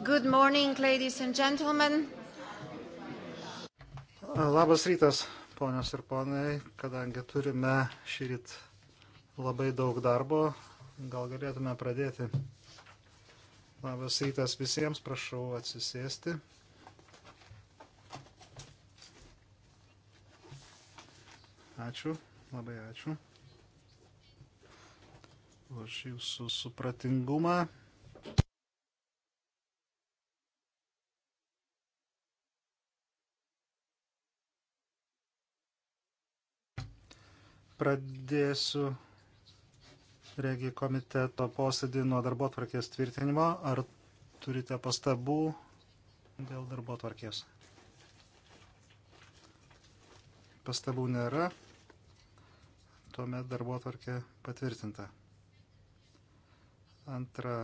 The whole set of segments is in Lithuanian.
Good morning, ladies and gentlemen. Labas rytas, ponios ir ponai, kadangi turime šį ryt labai daug darbo, gal galėtume pradėti. Labas rytas visiems, prašau atsisėsti. Ačiū, labai ačiū už jūsų supratingumą. Pradėsiu regi komiteto posėdį nuo darbo tvarkės tvirtinimo. Ar turite pastabų dėl darbo tvarkės? Pastabų nėra. Tuomet darbo tvarkė patvirtinta. Antra.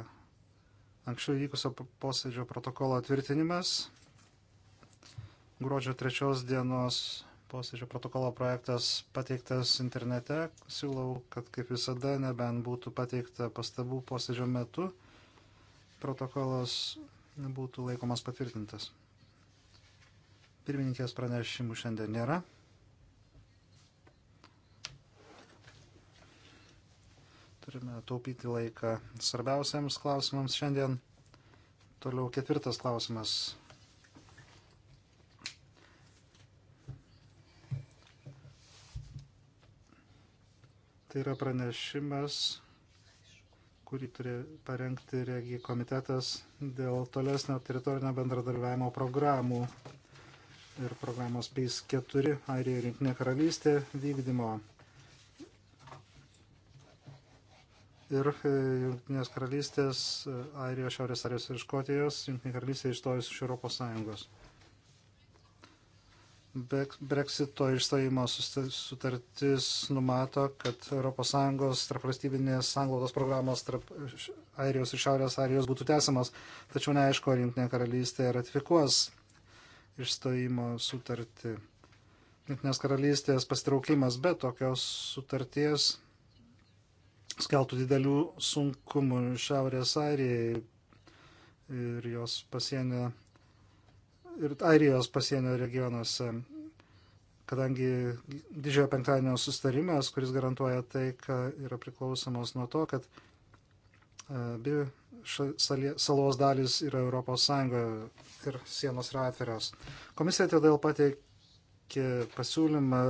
Anksčiau įvykusio posėdžio protokolo tvirtinimas. Gruodžio trečios dienos posėdžio protokolo projektas pateiktas internete. Siūlau, kad kaip visada, nebent būtų pateikta pastabų posėdžio metu, protokolas būtų laikomas patvirtintas. Pirmininkės pranešimų šiandien nėra. Turime taupyti laiką svarbiausiams klausimams šiandien. Toliau ketvirtas klausimas Tai yra pranešimas, kurį turi parengti regijų komitetas dėl tolesnio teritorinio bendradarbiavimo programų ir programos PACE 4 Airija ir Junktinė karalystė vykdymo. Ir e, Junktinės karalystės, e, Airijos, Šiaurės Airijos ir Škotijos, Junktinė karalystė išstojus iš Europos Sąjungos. Brexito išstojimo sutartis numato, kad ES tarpvalstybinės sanglaudos programos tarp Airijos ir Šiaurės Airijos būtų tęsiamas, tačiau neaišku, ar Junktinė karalystė ratifikuos išstojimo sutartį. Junktinės karalystės pasitraukimas be tokios sutarties skeltų didelių sunkumų Šiaurės Airijai ir jos pasienio ir Airijos pasienio regionuose, kadangi didžiojo penktadienio sustarimas, kuris garantuoja tai, kad yra priklausomas nuo to, kad e, abi salos dalis yra Europos Sąjungoje ir sienos yra atviros. Komisija todėl pateikė pasiūlymą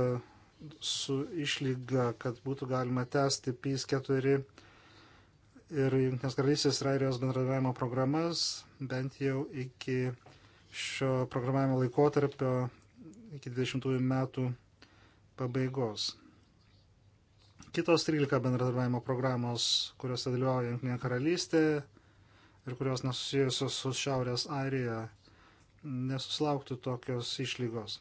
su išlyga, kad būtų galima tęsti PIS 4 ir Junktinės karalystės ir Airijos bendradavimo programas bent jau iki šio programavimo laikotarpio iki 20 metų pabaigos. Kitos 13 bendradarbiavimo programos, kuriuose dalyvauja Junktinė karalystė ir kurios nesusijusios su Šiaurės Airija, nesusilauktų tokios išlygos.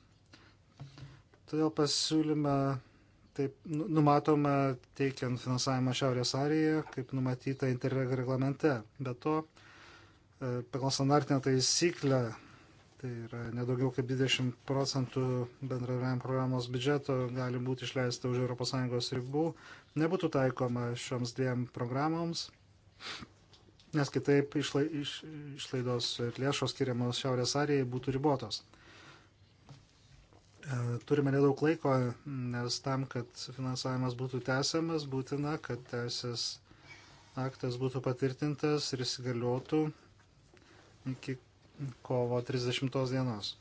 Todėl pasiūlyme taip nu, numatoma teikiant finansavimą Šiaurės Airijoje, kaip numatyta Interreg reglamente. Be to, e, pagal standartinę taisyklę Tai yra nedaugiau kaip 20 procentų bendravimo programos biudžeto gali būti išleista už ES ribų. Nebūtų taikoma šioms dviem programoms, nes kitaip išla, iš, išlaidos ir lėšos skiriamos Šiaurės Arijai būtų ribotos. E, turime nedaug laiko, nes tam, kad finansavimas būtų tęsiamas, būtina, kad teisės aktas būtų patvirtintas ir įsigaliotų iki kovo 30 dienos.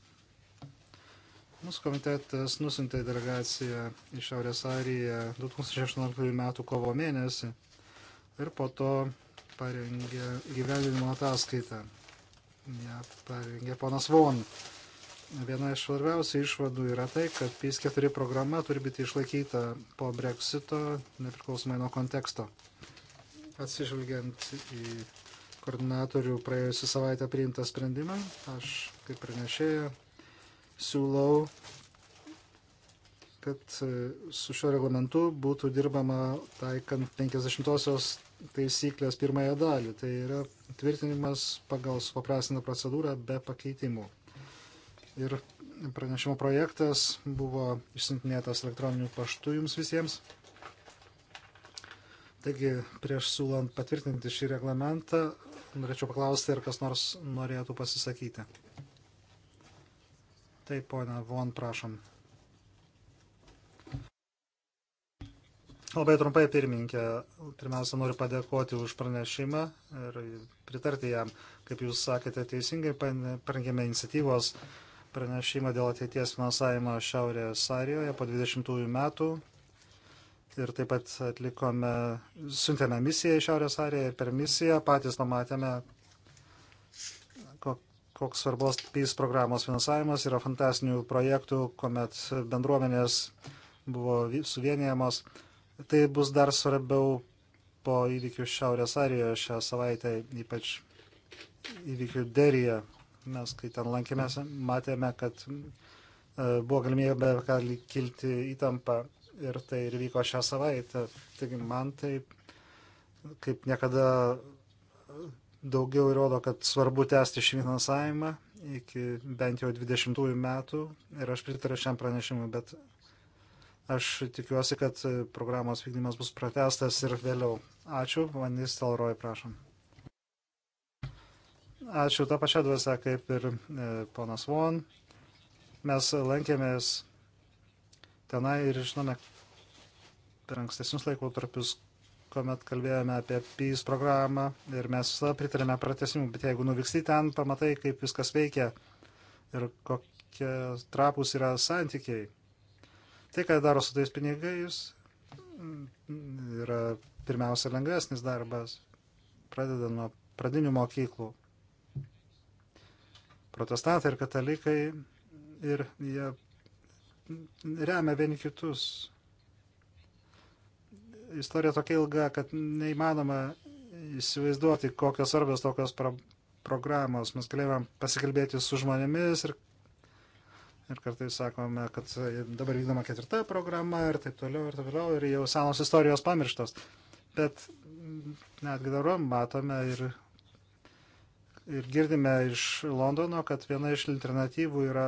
Mūsų komitetas nusintė delegaciją į Šiaurės Airiją 2016 m. kovo mėnesį ir po to parengė gyvenimo ataskaitą. Ja, parengė ponas Von. Viena iš svarbiausių išvadų yra tai, kad PIS4 programa turi būti išlaikyta po Brexito, nepriklausomai nuo konteksto. Atsižvelgiant į koordinatorių praėjusią savaitę priimtą sprendimą. Aš kaip pranešėja siūlau, kad e, su šio reglamentu būtų dirbama taikant 50-osios taisyklės pirmąją dalį. Tai yra tvirtinimas pagal supaprastintą procedūrą be pakeitimų. Ir pranešimo projektas buvo išsintinėtas elektroniniu paštu jums visiems. Taigi, prieš siūlant patvirtinti šį reglamentą, norėčiau paklausti, ar kas nors norėtų pasisakyti. Taip, ponia Von, prašom. Labai trumpai, pirmininkė, pirmiausia, noriu padėkoti už pranešimą ir pritarti jam, kaip jūs sakėte teisingai, parengėme iniciatyvos pranešimą dėl ateities finansavimo Šiaurės Arijoje po 20 metų ir taip pat atlikome, siuntėme misiją į Šiaurės Ariją ir per misiją patys pamatėme, koks svarbos PIS programos finansavimas yra fantastinių projektų, kuomet bendruomenės buvo suvienijamos. Tai bus dar svarbiau po įvykių Šiaurės Arijoje šią savaitę, ypač įvykių Derija. Mes, kai ten lankėmės, matėme, kad e, buvo galimybė kilti įtampą ir tai ir vyko šią savaitę. Taigi man tai kaip niekada daugiau įrodo, kad svarbu tęsti šį finansavimą iki bent jau 20 metų ir aš pritariu šiam pranešimui, bet aš tikiuosi, kad programos vykdymas bus pratestas ir vėliau. Ačiū, Vandys Talroj, prašom. Ačiū tą pačią dvasę kaip ir e, ponas Von. Mes lankėmės tenai ir žinome per ankstesnius laikotarpius, kuomet kalbėjome apie PIS programą ir mes visada pritarėme pratesimui, bet jeigu nuvyksti ten, pamatai, kaip viskas veikia ir kokie trapus yra santykiai. Tai, ką daro su tais pinigais, yra pirmiausia lengvesnis darbas, pradeda nuo pradinių mokyklų. Protestantai ir katalikai ir jie remia vieni kitus. Istorija tokia ilga, kad neįmanoma įsivaizduoti, kokios svarbios tokios pro programos. Mes galėjome pasikalbėti su žmonėmis ir, ir kartais sakome, kad dabar vykdoma ketvirta programa ir taip toliau ir taip toliau ir jau senos istorijos pamirštos. Bet netgi dabar matome ir, ir girdime iš Londono, kad viena iš alternatyvų yra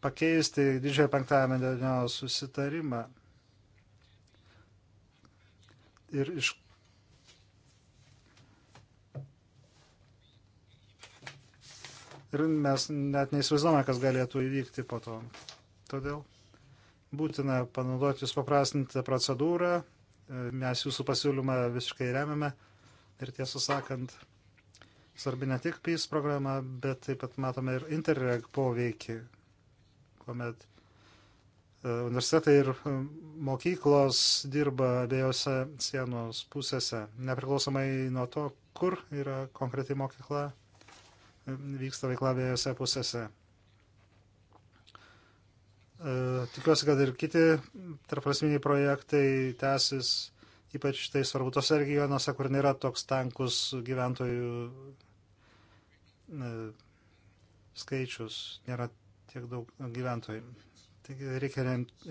pakeisti didžiojo penktadienio susitarimą. Ir iš ir mes net neįsivaizduojame, kas galėtų įvykti po to. Todėl būtina panaudoti jūs paprastintą procedūrą, mes jūsų pasiūlymą visiškai remiame ir tiesą sakant, svarbi ne tik PIS programa, bet taip pat matome ir Interreg poveikį, kuomet e, universitetai ir e, mokyklos dirba abiejose sienos pusėse, nepriklausomai nuo to, kur yra konkreti mokykla, e, vyksta veikla abiejose pusėse. Tikiuosi, kad ir kiti tarpasminiai projektai tęsis, ypač tai svarbu tose regionuose, kur nėra toks tankus gyventojų skaičius, nėra tiek daug gyventojų. Taigi reikia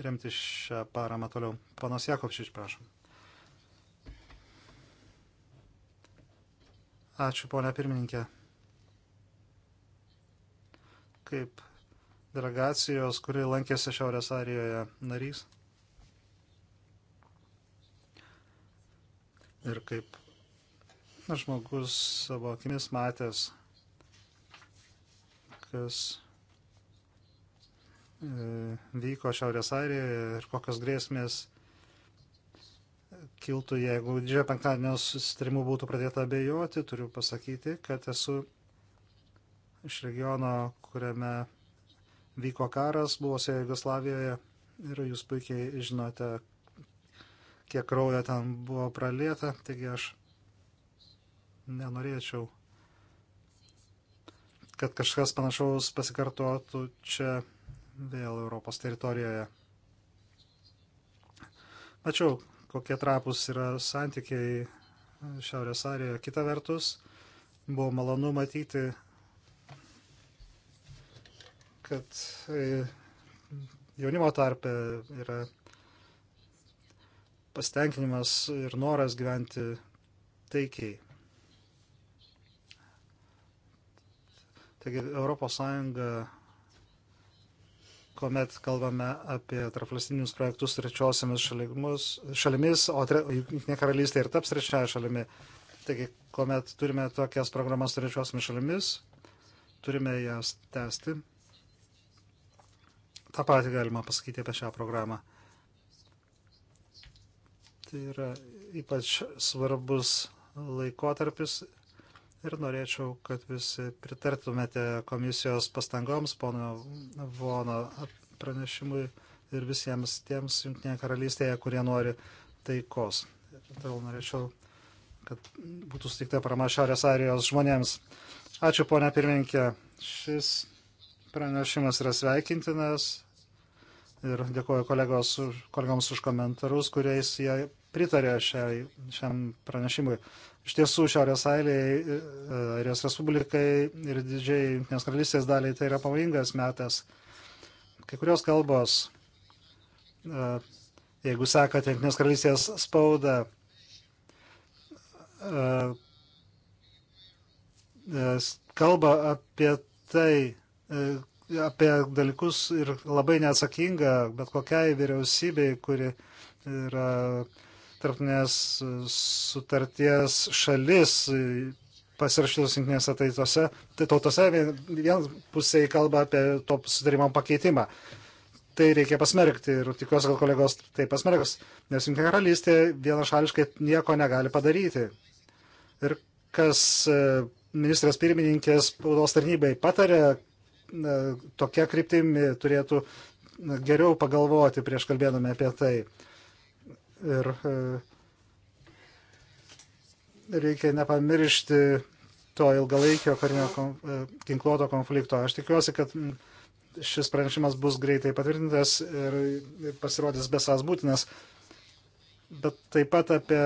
remti šią paramą toliau. Panas Jakovčič, prašom. Ačiū, ponia pirmininkė. Kaip delegacijos, kuri lankėsi Šiaurės Arijoje narys. Ir kaip žmogus savo akimis matęs, kas E, vyko Šiaurės Airijoje ir kokios grėsmės kiltų, jeigu didžiojo penktadienio susitarimu būtų pradėta abejoti, turiu pasakyti, kad esu iš regiono, kuriame vyko karas, buvusioje Jugoslavijoje ir jūs puikiai žinote, kiek kraujo ten buvo pralieta, taigi aš nenorėčiau, kad kažkas panašaus pasikartotų čia vėl Europos teritorijoje. Mačiau, kokie trapus yra santykiai Šiaurės Arijoje. Kita vertus, buvo malonu matyti, kad e, jaunimo tarpe yra pasitenkinimas ir noras gyventi taikiai. Taigi ES kuomet kalbame apie tarpvalstybinius projektus trečiosiamis šalimis, o Junktinė karalystė ir taps trečiaja šalimi. Taigi, kuomet turime tokias programas trečiosiamis šalimis, turime jas tęsti. Ta patį galima pasakyti apie šią programą. Tai yra ypač svarbus laikotarpis ir norėčiau, kad visi pritartumėte komisijos pastangoms, pono Vono pranešimui ir visiems tiems Junktinėje karalystėje, kurie nori taikos. Todėl norėčiau, kad būtų sutikta parama Šiaurės Airijos žmonėms. Ačiū, ponia pirmininkė. Šis pranešimas yra sveikintinas ir dėkoju kolegos, kolegoms už komentarus, kuriais jie pritarė šiai, šiam pranešimui. Iš tiesų, Šiaurės Airijai, e, Airijos Respublikai ir didžiai Junktinės karalystės daliai tai yra pavojingas metas. Kai kurios kalbos, e, jeigu sekate Junktinės karalystės spaudą, e, kalba apie tai, apie dalykus ir labai neatsakinga bet kokiai vyriausybei, kuri yra tarptinės sutarties šalis pasirašytos jungtinėse tautose, tai tautose vien, vien pusiai kalba apie to sutarimo pakeitimą. Tai reikia pasmerkti ir tikiuosi, kad kolegos tai pasmerks, nes jungtinė karalystė vienašališkai nieko negali padaryti. Ir kas e, ministras pirmininkės spaudos tarnybai patarė, tokia kryptimi turėtų geriau pagalvoti prieš kalbėdami apie tai. Ir e, reikia nepamiršti to ilgalaikio karinio e, ginkluoto konflikto. Aš tikiuosi, kad šis pranešimas bus greitai patvirtintas ir pasirodys besas būtinas. Bet taip pat apie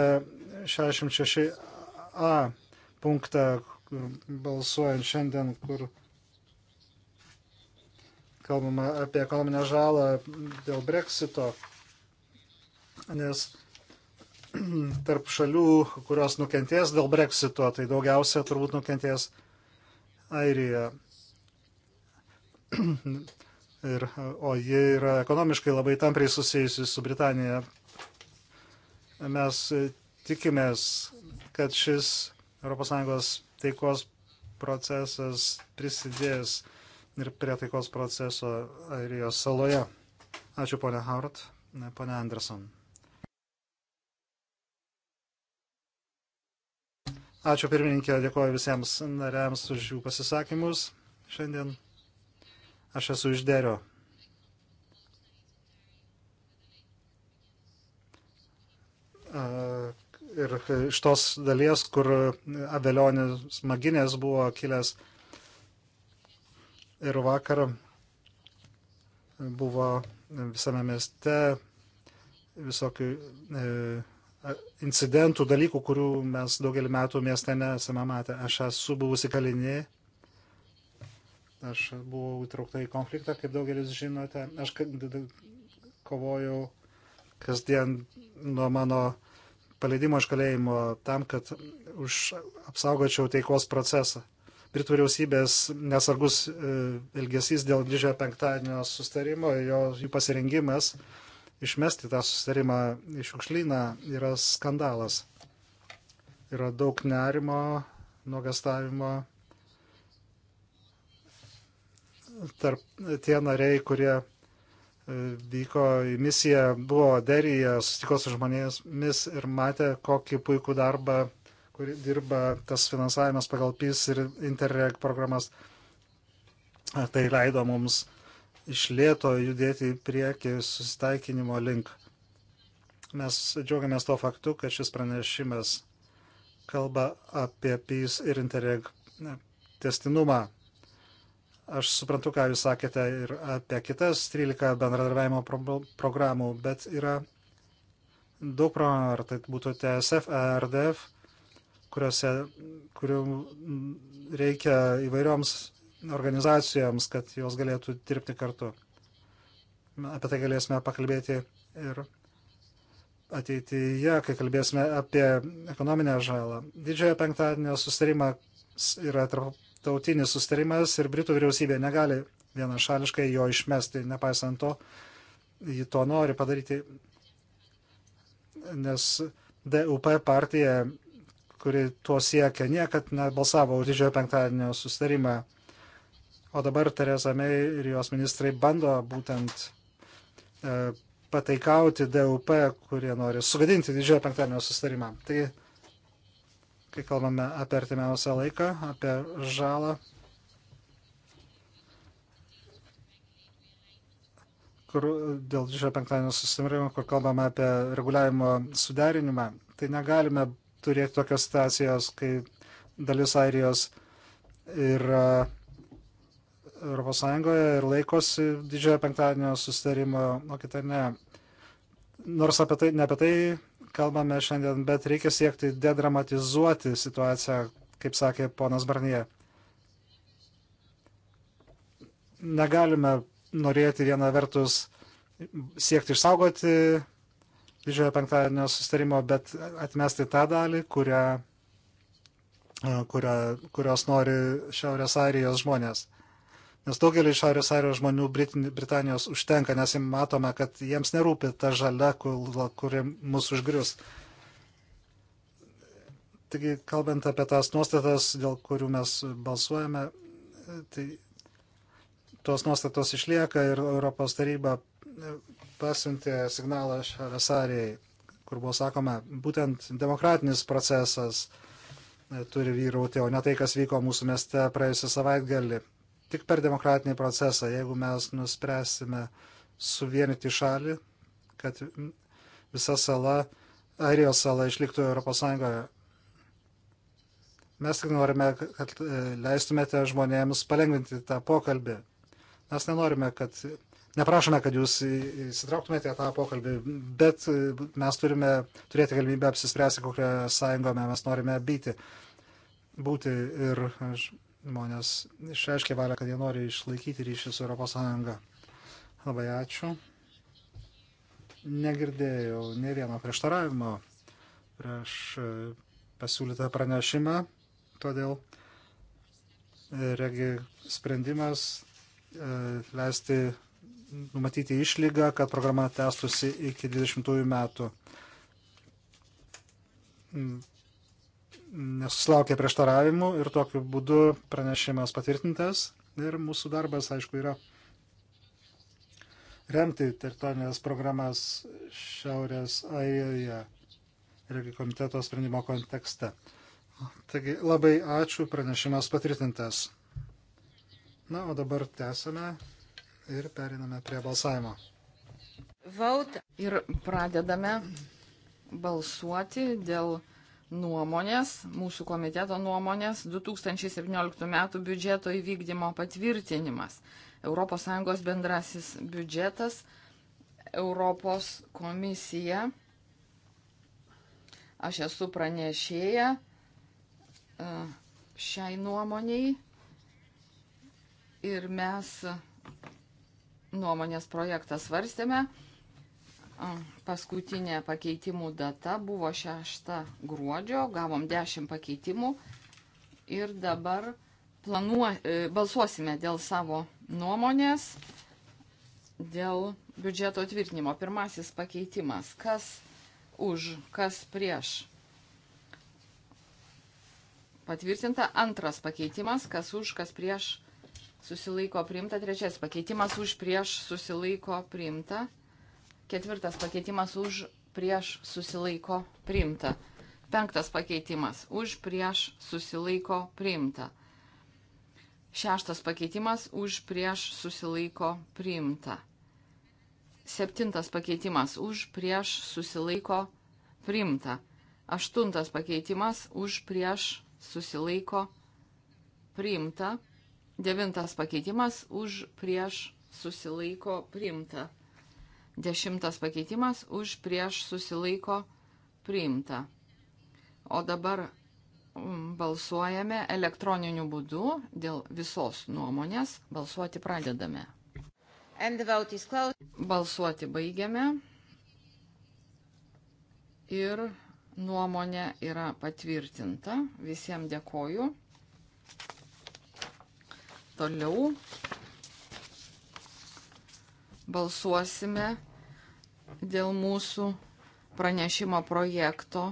66a punktą balsuojant šiandien, kur kalbama apie ekonominę žalą dėl breksito, nes tarp šalių, kurios nukentės dėl breksito, tai daugiausia turbūt nukentės Airija. Ir, o ji yra ekonomiškai labai tampriai susijusi su Britanija. Mes tikimės, kad šis ES taikos procesas prisidės ir prie taikos proceso Airijos saloje. Ačiū ponia Hart, ponia Anderson. Ačiū pirmininkė, dėkuoju visiems nariams už jų pasisakymus šiandien. Aš esu iš Derio. Ir iš tos dalies, kur Avelionis Maginės buvo kilęs ir vakar buvo visame mieste visokių e, incidentų, dalykų, kurių mes daugelį metų mieste nesame matę. Aš esu buvusi kalinė, aš buvau įtraukta į konfliktą, kaip daugelis žinote. Aš kovojau kasdien nuo mano paleidimo iš kalėjimo tam, kad už apsaugočiau taikos procesą. Britų vyriausybės nesargus e, elgesys dėl didžiojo penktadienio sustarimo, jo, jų pasirengimas išmesti tą sustarimą iš šiukšlyną yra skandalas. Yra daug nerimo, nuogastavimo tarp tie nariai, kurie e, vyko į misiją, buvo deryje, sustiko su žmonėmis ir matė, kokį puikų darbą kur dirba tas finansavimas pagal PIS ir Interreg programas. Tai leido mums iš lėto judėti į priekį susitaikinimo link. Mes džiaugiamės to faktu, kad šis pranešimas kalba apie PIS ir Interreg testinumą. Aš suprantu, ką jūs sakėte ir apie kitas 13 bendradarbiavimo pro programų, bet yra daug programų, ar tai būtų TSF, ARDF, kuriuose, kurių reikia įvairioms organizacijoms, kad jos galėtų dirbti kartu. Apie tai galėsime pakalbėti ir ateityje, kai kalbėsime apie ekonominę žalą. Didžiojo penktadienio sustarimas yra tarptautinis sustarimas ir Britų vyriausybė negali vienašališkai jo išmesti, nepaisant to, ji to nori padaryti, nes DUP partija kuri tuo siekia, niekad nebalsavo už didžiojo penktadienio sustarimą. O dabar Tereza May ir jos ministrai bando būtent e, pataikauti DUP, kurie nori sugadinti didžiojo penktadienio sustarimą. Tai, kai kalbame apie artimiausią laiką, apie žalą, kur dėl didžiojo penktadienio susitarimo, kur kalbame apie reguliavimo suderinimą, tai negalime turėti tokios situacijos, kai dalis Airijos yra ES ir laikosi didžiojo penktadienio sustarimo, o kita ne. Nors apie tai, ne apie tai kalbame šiandien, bet reikia siekti dedramatizuoti situaciją, kaip sakė ponas Barnie. Negalime norėti vieną vertus siekti išsaugoti didžiojo penktadienio sustarimo, bet atmesti tą dalį, kurią, kurią, kurios nori Šiaurės Airijos žmonės. Nes daugelį Šiaurės Airijos žmonių Britanijos užtenka, nes matome, kad jiems nerūpi ta žalia, kuri, kuri mus užgrius. Taigi, kalbant apie tas nuostatas, dėl kurių mes balsuojame, tai tos nuostatos išlieka ir Europos taryba pasiuntė signalą Šveicarijai, kur buvo sakoma, būtent demokratinis procesas e, turi vyrauti, o ne tai, kas vyko mūsų mieste praėjusią savaitgalį. Tik per demokratinį procesą, jeigu mes nuspręsime suvienyti šalį, kad visa sala, Airijos sala išliktų ES. Mes tik norime, kad e, leistumėte žmonėms palengvinti tą pokalbį. Mes nenorime, kad neprašome, kad jūs įsitrauktumėte tą pokalbį, bet e, mes turime turėti galimybę apsispręsti, kokią sąjungą mes norime byti, būti. Ir žmonės išreiškė valią, kad jie nori išlaikyti ryšį su ES. Labai ačiū. Negirdėjau ne vieno prieštaravimo prieš e, pasiūlytą pranešimą, todėl e, regi sprendimas leisti numatyti išlygą, kad programa testusi iki 20 metų. Mm. Nesusilaukė prieštaravimų ir tokiu būdu pranešimas patvirtintas. Ir mūsų darbas, aišku, yra remti teritorinės programas Šiaurės Airijoje irgi komiteto sprendimo kontekste. Taigi labai ačiū, pranešimas patvirtintas. Na, o dabar tęsame ir periname prie balsavimo. Vaut ir pradedame balsuoti dėl nuomonės, mūsų komiteto nuomonės 2017 m. biudžeto įvykdymo patvirtinimas. ES bendrasis biudžetas, Europos komisija. Aš esu pranešėja e, šiai nuomoniai ir mes nuomonės projektą svarstėme. Paskutinė pakeitimų data buvo 6 gruodžio, gavom 10 pakeitimų ir dabar planuo, e, balsuosime dėl savo nuomonės, dėl biudžeto tvirtinimo. Pirmasis pakeitimas, kas už, kas prieš. Patvirtinta antras pakeitimas, kas už, kas prieš susilaiko priimta, trečias pakeitimas už prieš susilaiko priimta, ketvirtas pakeitimas už prieš susilaiko priimta, penktas pakeitimas už prieš susilaiko priimta, šeštas pakeitimas už prieš susilaiko priimta, septintas pakeitimas už prieš susilaiko priimta, aštuntas pakeitimas už prieš susilaiko priimta. Devintas pakeitimas už prieš susilaiko priimta. Dešimtas pakeitimas už prieš susilaiko priimta. O dabar mm, balsuojame elektroniniu būdu dėl visos nuomonės. Balsuoti pradedame. Balsuoti baigiame. Ir nuomonė yra patvirtinta. Visiems dėkoju. Toliau balsuosime dėl mūsų pranešimo projekto,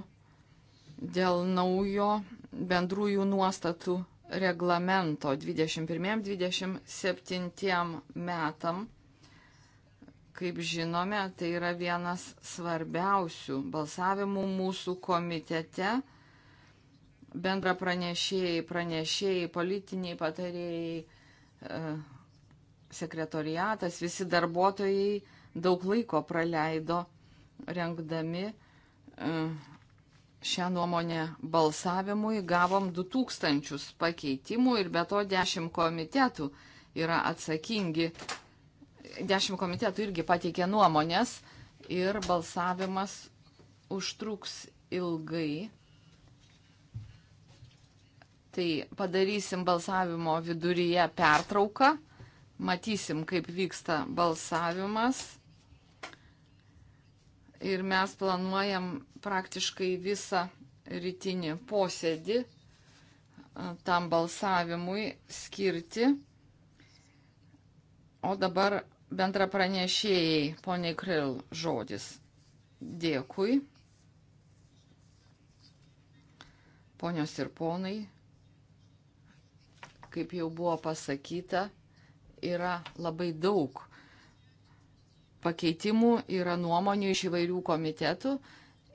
dėl naujo bendrųjų nuostatų reglamento 21-27 metam. Kaip žinome, tai yra vienas svarbiausių balsavimų mūsų komitete bendra pranešėjai, pranešėjai, politiniai patarėjai, e, sekretoriatas, visi darbuotojai daug laiko praleido rengdami e, šią nuomonę balsavimui. Gavom 2000 pakeitimų ir be to 10 komitetų yra atsakingi. 10 komitetų irgi pateikė nuomonės ir balsavimas užtruks ilgai Tai padarysim balsavimo viduryje pertrauką, matysim, kaip vyksta balsavimas. Ir mes planuojam praktiškai visą rytinį posėdį tam balsavimui skirti. O dabar bendra pranešėjai, poniai Kril, žodis. Dėkui. Ponios ir ponai, kaip jau buvo pasakyta, yra labai daug pakeitimų, yra nuomonių iš įvairių komitetų,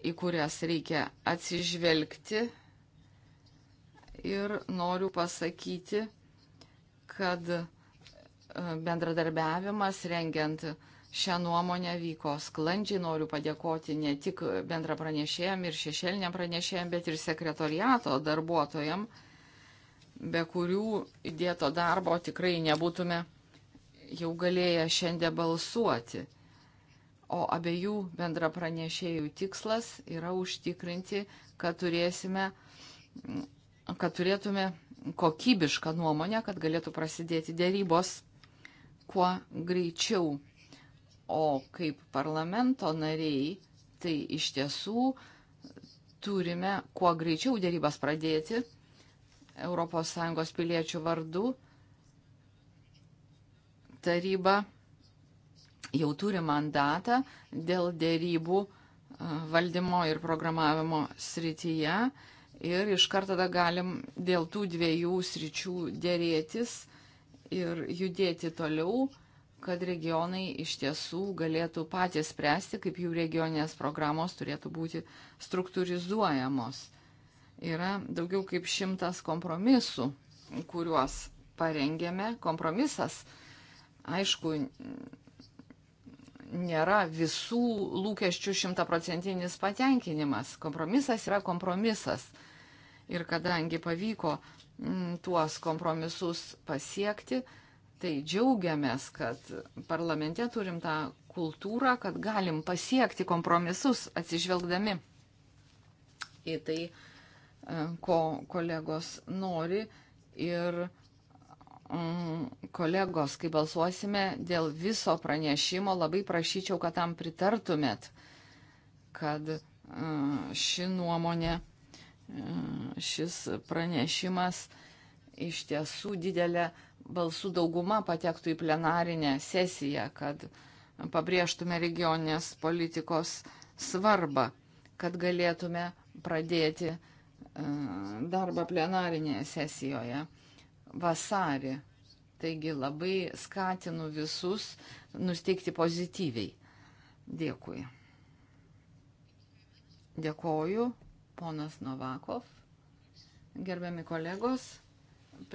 į kurias reikia atsižvelgti. Ir noriu pasakyti, kad e, bendradarbiavimas rengiant šią nuomonę vyko sklandžiai. Noriu padėkoti ne tik bendra pranešėjam ir šešėliniam pranešėjam, bet ir sekretoriato darbuotojam be kurių įdėto darbo tikrai nebūtume jau galėję šiandien balsuoti. O abiejų bendra pranešėjų tikslas yra užtikrinti, kad, turėsime, kad turėtume kokybišką nuomonę, kad galėtų prasidėti dėrybos kuo greičiau. O kaip parlamento nariai, tai iš tiesų turime kuo greičiau dėrybas pradėti ES piliečių vardu. Taryba jau turi mandatą dėl dėrybų e, valdymo ir programavimo srityje ir iš karto tada galim dėl tų dviejų sričių dėrėtis ir judėti toliau, kad regionai iš tiesų galėtų patys spręsti, kaip jų regioninės programos turėtų būti struktūrizuojamos. Yra daugiau kaip šimtas kompromisų, kuriuos parengėme. Kompromisas, aišku, nėra visų lūkesčių šimtaprocentinis patenkinimas. Kompromisas yra kompromisas. Ir kadangi pavyko m, mm, tuos kompromisus pasiekti, tai džiaugiamės, kad parlamente turim tą kultūrą, kad galim pasiekti kompromisus atsižvelgdami į tai, E, ko kolegos nori ir mm, kolegos, kai balsuosime dėl viso pranešimo, labai prašyčiau, kad tam pritartumėt, kad e, ši nuomonė, e, šis pranešimas iš tiesų didelė balsų dauguma patektų į plenarinę sesiją, kad pabrėžtume regioninės politikos svarbą, kad galėtume pradėti uh, E, darbą plenarinėje sesijoje vasarį. Taigi labai skatinu visus nusteikti pozityviai. Dėkui. Dėkoju, ponas Novakov. Gerbiami kolegos,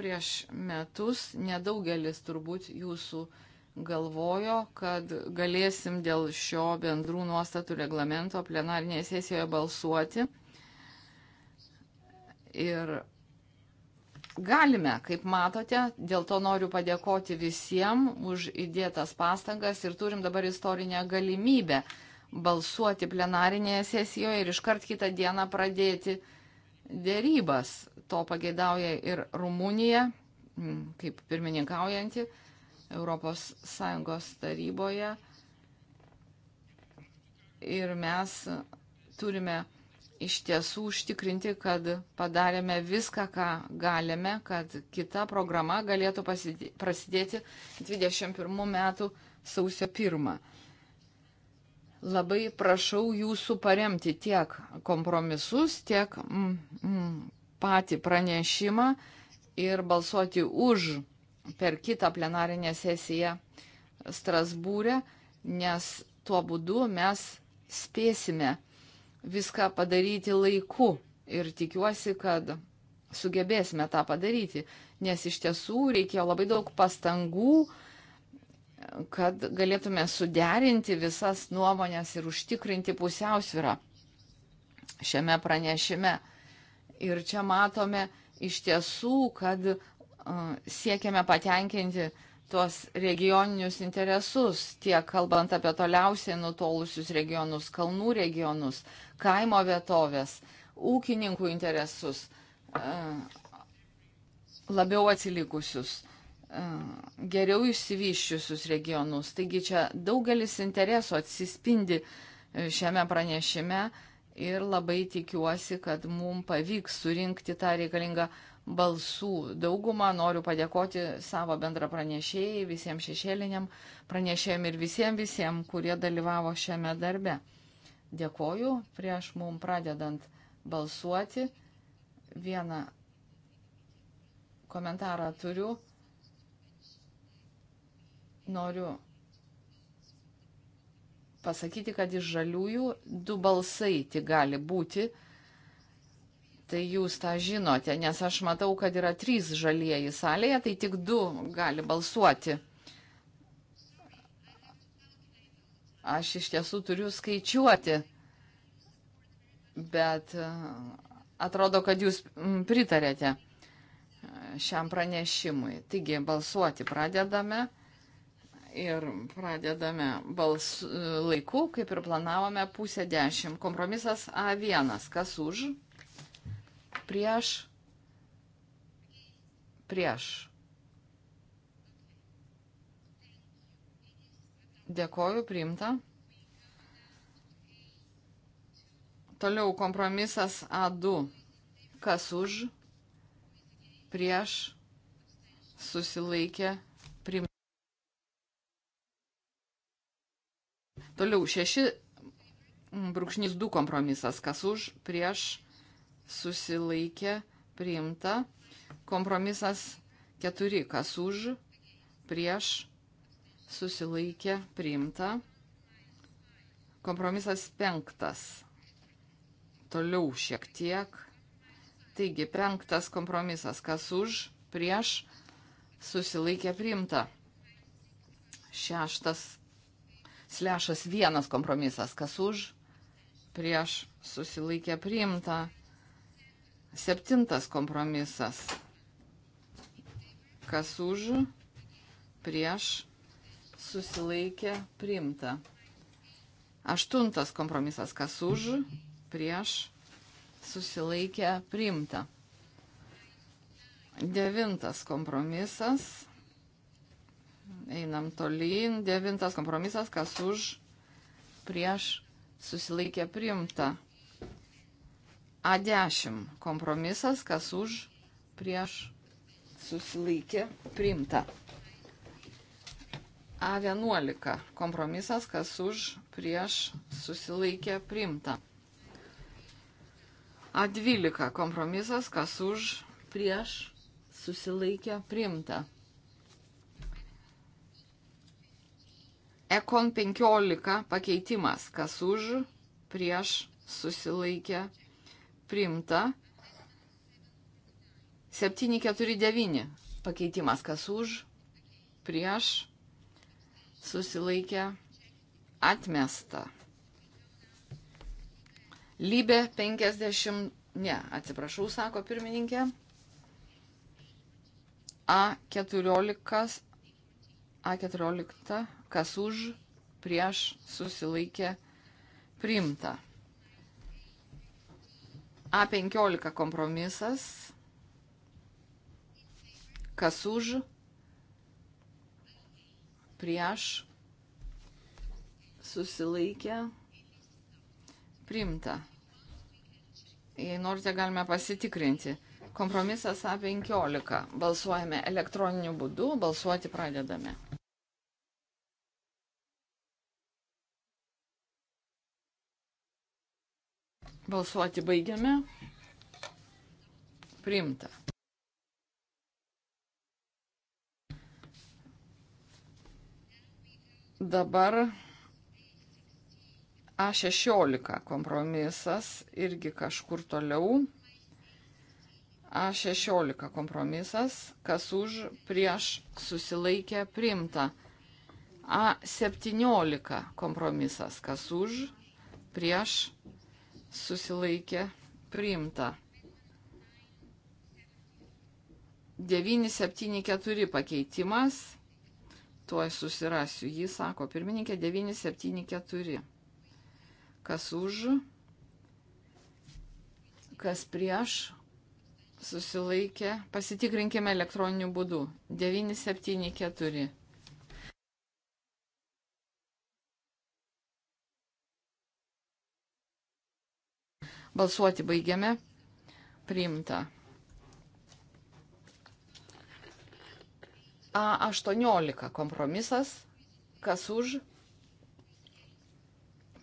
prieš metus nedaugelis turbūt jūsų galvojo, kad galėsim dėl šio bendrų nuostatų reglamento plenarinėje sesijoje balsuoti. Ir galime, kaip matote, dėl to noriu padėkoti visiems už įdėtas pastangas ir turim dabar istorinę galimybę balsuoti plenarinėje sesijoje ir iškart kitą dieną pradėti dėrybas. To pageidauja ir Rumunija, kaip pirmininkaujanti ES taryboje. Ir mes turime iš tiesų užtikrinti, kad padarėme viską, ką galime, kad kita programa galėtų prasidėti 21 metų sausio 1. Labai prašau jūsų paremti tiek kompromisus, tiek mm, mm, patį pranešimą ir balsuoti už per kitą plenarinę sesiją Strasbūrę, nes tuo būdu mes spėsime viską padaryti laiku ir tikiuosi, kad sugebėsime tą padaryti, nes iš tiesų reikėjo labai daug pastangų, kad galėtume suderinti visas nuomonės ir užtikrinti pusiausvyrą šiame pranešime. Ir čia matome iš tiesų, kad uh, siekiame patenkinti tuos regioninius interesus, tiek kalbant apie toliausiai nutolusius regionus, kalnų regionus, kaimo vietovės, ūkininkų interesus, e, labiau atsilikusius, e, geriau išsivyščiusius regionus. Taigi čia daugelis interesų atsispindi e, šiame pranešime ir labai tikiuosi, kad mums pavyks surinkti tą reikalingą balsų daugumą. Noriu padėkoti savo bendra pranešėjai, visiems šešėliniam pranešėjim ir visiems visiems, kurie dalyvavo šiame darbe. Dėkoju prieš mum pradedant balsuoti. Vieną komentarą turiu. Noriu pasakyti, kad iš žaliųjų du balsai tik gali būti Tai jūs tą žinote, nes aš matau, kad yra trys žalieji salėje, tai tik du gali balsuoti. Aš iš tiesų turiu skaičiuoti, bet e, atrodo, kad jūs pritarėte e, šiam pranešimui. Taigi balsuoti pradedame ir pradedame bals, e, laiku, kaip ir planavome, pusę dešimt. Kompromisas A1. Kas už? prieš, prieš. Dėkoju, priimta. Toliau kompromisas A2. Kas už, prieš, susilaikė, priimta. Toliau šeši brūkšnys 2 kompromisas. Kas už, prieš, susilaikė priimta. Kompromisas 4, kas už, prieš susilaikė priimta. Kompromisas 5. Toliau šiek tiek. Taigi, penktas kompromisas, kas už, prieš, susilaikė priimta. Šeštas, slešas vienas kompromisas, kas už, prieš, susilaikė priimta. Septintas kompromisas. Kas už, prieš, susilaikė, priimta. Aštuntas kompromisas. Kas už, prieš, susilaikė, priimta. Devintas kompromisas. Einam tolyn. Devintas kompromisas, kas už, prieš, susilaikė priimta. A10 kompromisas, kas už, prieš, susilaikė, priimta. A11 kompromisas, kas už, prieš, susilaikė, priimta. A12 kompromisas, kas už, prieš, susilaikė, priimta. Ekon 15 pakeitimas, kas už, prieš, susilaikė, priimta Primta. 749 pakeitimas, kas už, prieš, susilaikė, atmesta. Lybė 50, ne, atsiprašau, sako pirmininkė. A14, A14, kas už, prieš, susilaikė, priimta. A15 kompromisas. Kas už? Prieš? Susilaikę? Primta. Jei norite, galime pasitikrinti. Kompromisas A15. Balsuojame elektroniniu būdu, balsuoti pradedame. Balsuoti baigiame. Priimta. Dabar A16 kompromisas irgi kažkur toliau. A16 kompromisas, kas už prieš susilaikė priimta. A17 kompromisas, kas už prieš susilaikė priimta. 974 pakeitimas. Tuoj susirasiu jį, sako pirmininkė 974. Kas už, kas prieš, susilaikė. Pasitikrinkime elektroniniu būdu. 974. Balsuoti baigiame. Priimta. A18 kompromisas. Kas už?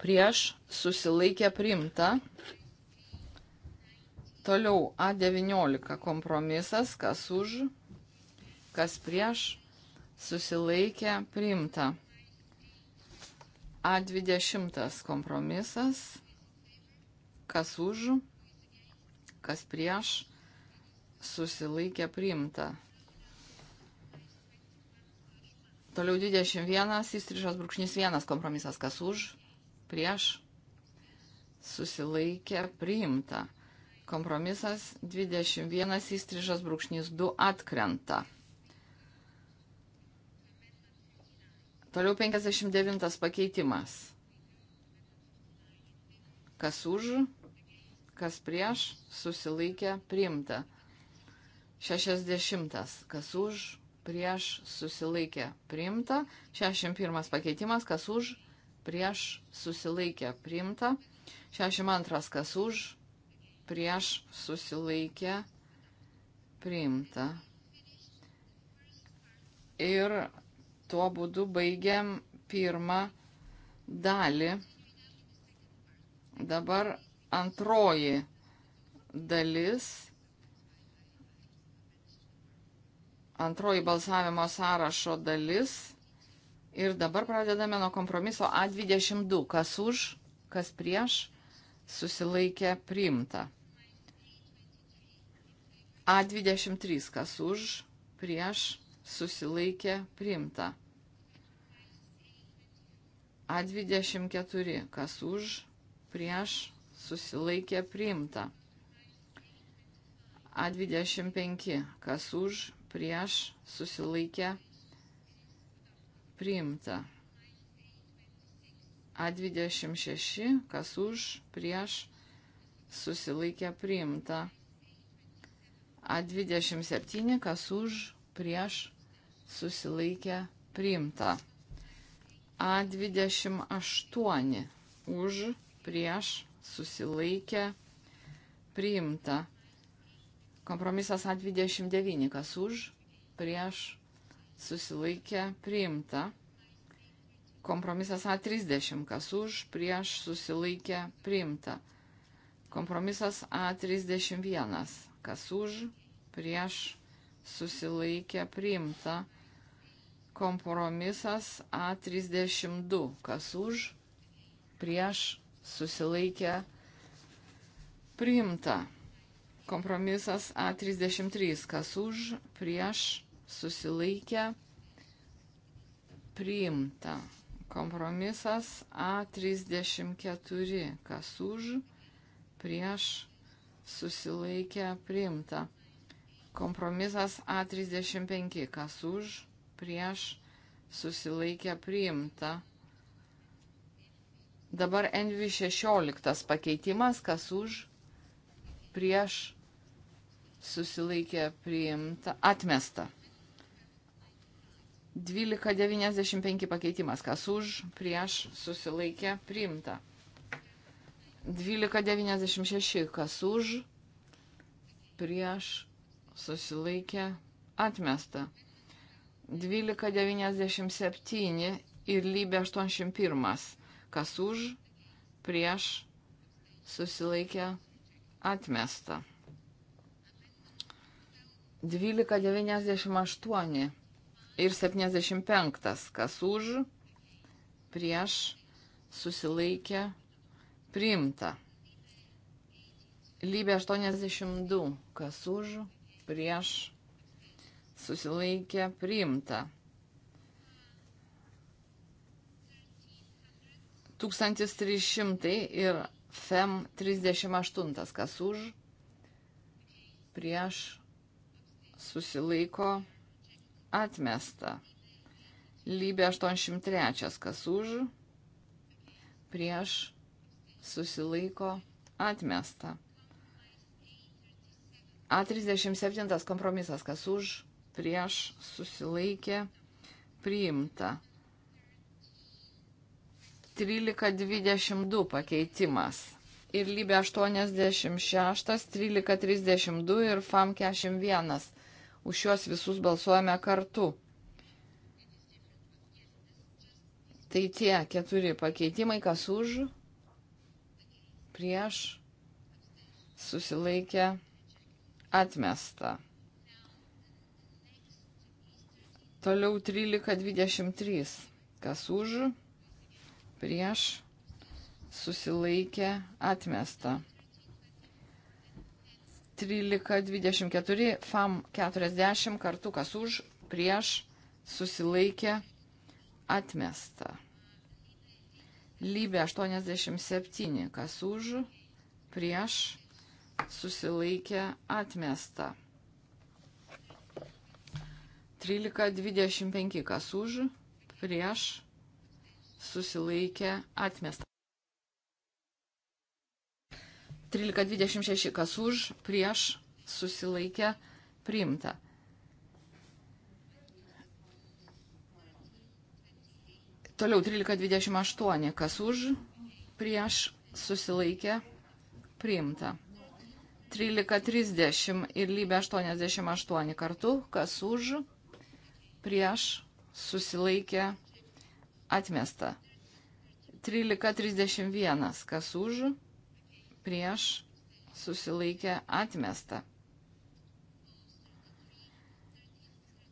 Prieš susilaikė priimta. Toliau A19 kompromisas. Kas už? Kas prieš? Susilaikė priimta. A20 kompromisas Kas už, kas prieš, susilaikė priimta. Toliau 21, įstrižas brūkšnys 1 kompromisas, kas už, prieš, susilaikė priimta. Kompromisas 21, įstrižas brūkšnys 2 atkrenta. Toliau 59 pakeitimas. Kas už, kas prieš, susilaikė, priimta. 60. Kas už, prieš, susilaikė, priimta. 61. Pakeitimas, kas už, prieš, susilaikė, priimta. 62. Kas už, prieš, susilaikė, priimta. Ir tuo būdu baigiam pirmą dalį. Dabar Antroji dalis. Antroji balsavimo sąrašo dalis. Ir dabar pradedame nuo kompromiso A22. Kas už, kas prieš, susilaikė priimta. A23. Kas už, prieš, susilaikė priimta. A24, kas už, prieš, susilaikė priimta. A25, kas už, prieš, susilaikė priimta. A26, kas už, prieš, susilaikė priimta. A27, kas už, prieš, susilaikė priimta. A28 už prieš susilaikė, priimta. Kompromisas A29, kas už, prieš, susilaikė, priimta. Kompromisas A30, kas už, prieš, susilaikė, priimta. Kompromisas A31, kas už, prieš, susilaikė, priimta. Kompromisas A32, kas už, prieš, susilaikė priimta. Kompromisas A33, kas už, prieš, susilaikė priimta. Kompromisas A34, kas už, prieš, susilaikė priimta. Kompromisas A35, kas už, prieš, susilaikė priimta. Dabar NV16 pakeitimas, kas už, prieš, susilaikė priimta, atmesta. 1295 pakeitimas, kas už, prieš, susilaikė priimta. 1296, kas už, prieš, susilaikė atmesta. 1297 ir lybė 81 kas už, prieš, susilaikė, atmesta. 1298 ir 75, kas už, prieš, susilaikė, priimta. Lybė 82, kas už, prieš, susilaikė, priimta. 1300 ir FEM 38, kas už, prieš, susilaiko, atmesta. Lybė 83, kas už, prieš, susilaiko, atmesta. A37 kompromisas, kas už, prieš, susilaikė, priimta. 1322 pakeitimas. Ir lybė 86, 1332 ir FAM 41. Už juos visus balsuojame kartu. Tai tie keturi pakeitimai, kas už, prieš, susilaikė, atmesta. Toliau 13.23. Kas už, prieš, susilaikė, atmesta. 13.24, FAM 40 kartų, kas už, prieš, susilaikė, atmesta. Lybė 87, kas už, prieš, susilaikė, atmesta. 13.25, kas už, prieš, susilaikė atmesta. 13.26 kas už, prieš susilaikė priimta. 13.27 Toliau 13.28. Kas už, prieš, susilaikė, priimta. 13.30 ir lybė 88 kartu. Kas už, prieš, susilaikė, Atmesta. 13.31. Kas už, prieš, susilaikė, atmesta.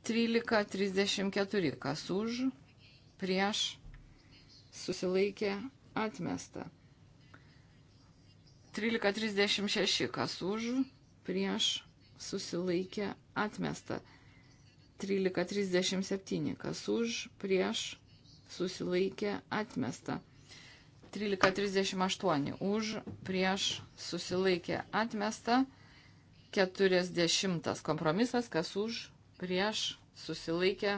13.34. Kas už, prieš, susilaikė, atmesta. 13.36. Kas už, prieš, susilaikė, atmesta. 13.37. Kas už, prieš, susilaikė atmesta. 13.38 už, prieš susilaikė atmesta. 40 kompromisas, kas už, prieš susilaikė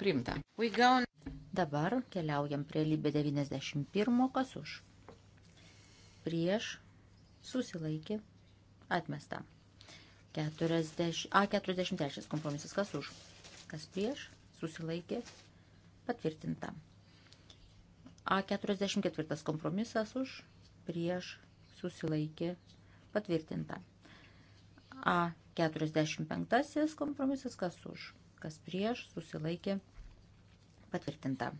primta. Dabar keliaujam prie lybė 91, kas už. Prieš susilaikė atmesta. 40, A43 kompromisas, kas už, kas prieš susilaikė atmesta Patvirtinta. A44 kompromisas už prieš susilaikė patvirtinta. A45 kompromisas kas už, kas prieš susilaikė patvirtinta.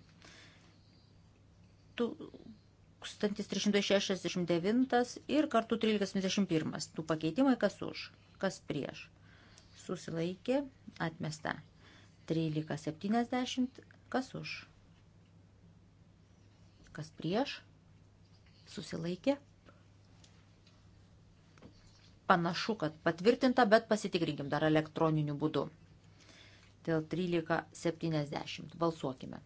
1369 ir kartu 1371. Tų pakeitimai kas už, kas prieš. Susilaikė atmesta. 1370 Kas už? Kas prieš? Susilaikė? Panašu, kad patvirtinta, bet pasitikrinkim dar elektroniniu būdu. Dėl 13.70. Balsuokime.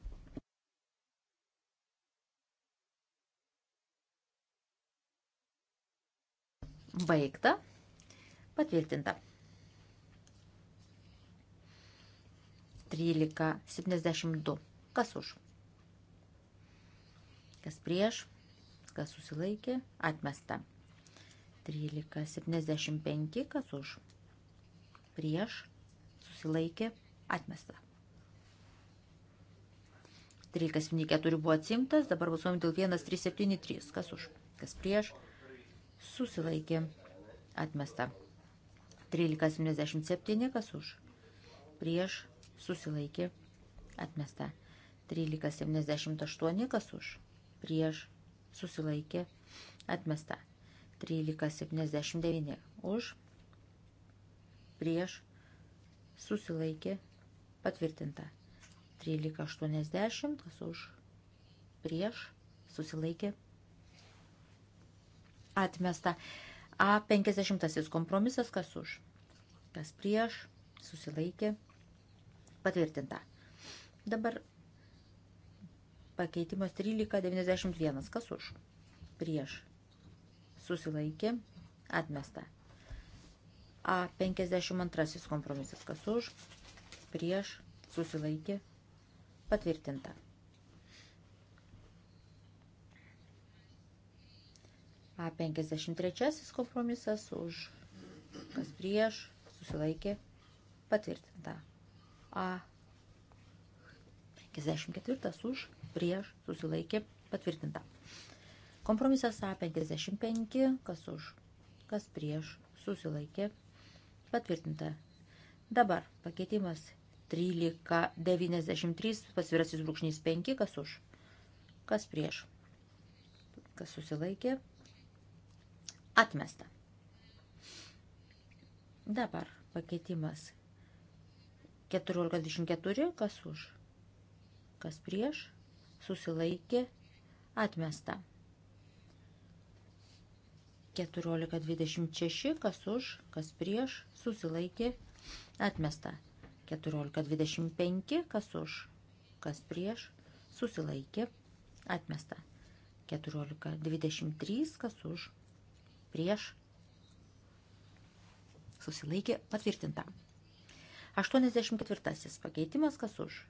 Baigta. Patvirtinta. 13.72. Kas už? Kas prieš? Kas susilaikė? Atmesta. 13.75. Kas už? Prieš? Susilaikė? Atmesta. 13.74 buvo atsimtas, dabar balsuojam dėl 1.373. Kas už? Kas prieš? Susilaikė. Atmesta. 13.77. Kas už? Prieš? susilaikė, atmesta. 1378 kas už, prieš, susilaikė, atmesta. 1379 už, prieš, susilaikė, patvirtinta. 1380 kas už, prieš, susilaikė, atmesta. A50 kompromisas kas už, kas prieš, susilaikė, atmesta Patvirtinta. Dabar pakeitimas 13.91. Kas už? Prieš. Susilaikė. Atmesta. A52 kompromisas. Kas už? Prieš. Susilaikė. Patvirtinta. A53 kompromisas už. Kas prieš? Susilaikė. Patvirtinta. A. 54 už, prieš, susilaikė, patvirtinta. Kompromisas A55, kas už, kas prieš, susilaikė, patvirtinta. Dabar pakeitimas 1393, pasvirasis brūkšnys 5, kas už, kas prieš, kas susilaikė, atmesta. Dabar pakeitimas 14.24, kas už, kas prieš, susilaikė, atmesta. 14.26, kas už, kas prieš, susilaikė, atmesta. 14.25, kas už, kas prieš, susilaikė, atmesta. 14.23, kas už, prieš, susilaikė, patvirtinta. 14.24 84 pakeitimas, kas už.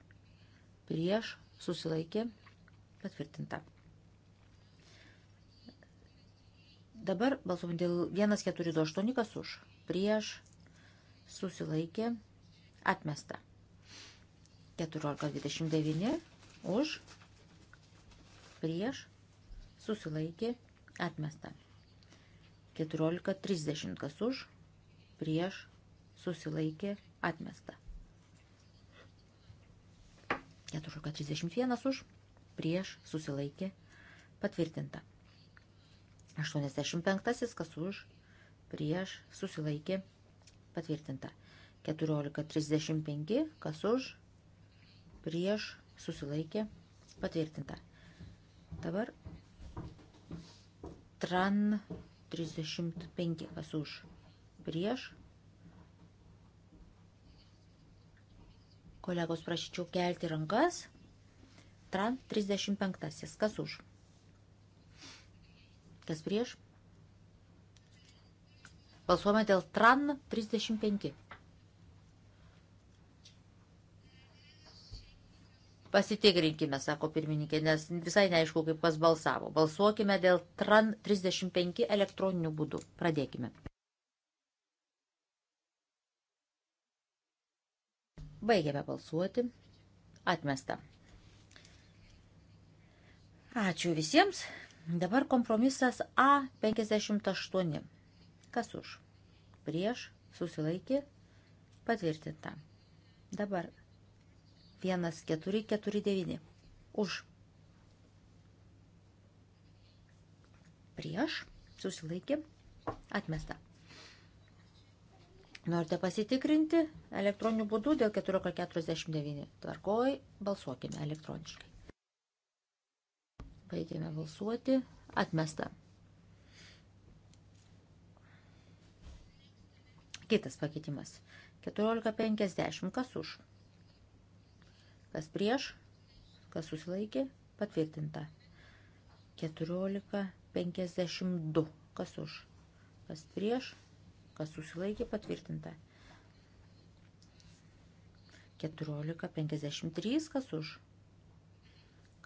Prieš susilaikė patvirtinta. Dabar balsuom dėl 1428, kas už. Prieš susilaikė atmesta. 1429 už. Prieš susilaikė atmesta. 14.30 kas už, prieš, susilaikė, Atmesta. 431 už, prieš, susilaikė, patvirtinta. 85 kas už, prieš, susilaikė, patvirtinta. 1435 kas už, prieš, susilaikė, patvirtinta. Dabar tran 35 kas už, prieš, Kolegos, prašyčiau kelti rankas. Tran 35. Kas už? Kas prieš? Balsuojame dėl Tran 35. Pasitikrinkime, sako pirmininkė, nes visai neaišku, kaip kas balsavo. Balsuokime dėl TRAN 35 elektroniniu būdu. Pradėkime. Baigiame balsuoti. Atmesta. Ačiū visiems. Dabar kompromisas A58. Kas už? Prieš susilaikė patvirtinta. Dabar 1449. Už. Prieš susilaikė atmesta. Norite pasitikrinti elektroniniu būdu dėl 1449. Tvarkoj, balsuokime elektroniškai. Baigėme balsuoti. Atmesta. Kitas pakeitimas. 14.50. Kas už? Kas prieš? Kas susilaikė? Patvirtinta. 14.52. Kas už? Kas prieš? kas susilaikė patvirtinta. 14.53, kas už,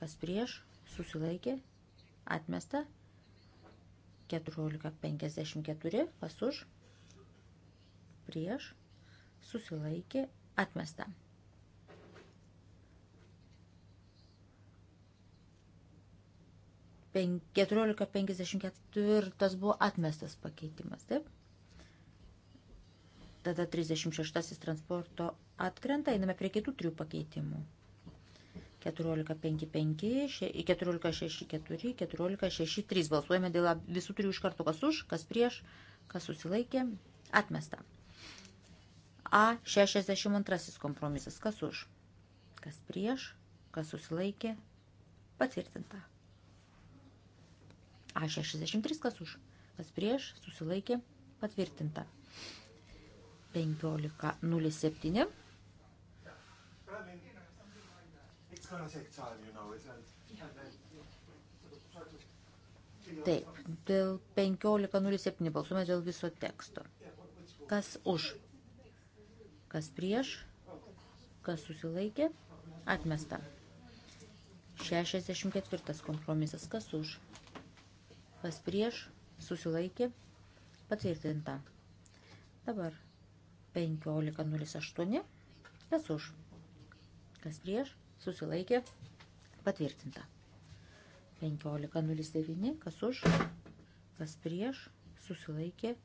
kas prieš, susilaikė, atmesta. 14.54, kas už, prieš, susilaikė, atmesta. Pen, 14.54 buvo atmestas pakeitimas, taip? Tada 36 transporto atkrenta, einame prie kitų trijų pakeitimų. 14.55, 14.64, 14.63. Balsuojame dėl visų trijų iš karto, kas už, kas prieš, kas susilaikė, atmesta. A62 kompromisas, kas už, kas prieš, kas susilaikė, patvirtinta. A63, kas už, kas prieš, susilaikė, patvirtinta. 15.07. Taip, dėl 15.07 balsuome dėl viso teksto. Kas už? Kas prieš? Kas susilaikė? Atmesta. 64 kompromisas. Kas už? Kas prieš? Susilaikė? Patvirtinta. Dabar 15.08. Kas už? Kas prieš? Susilaikė. Patvirtinta. 15.09. Kas už? Kas prieš? Susilaikė.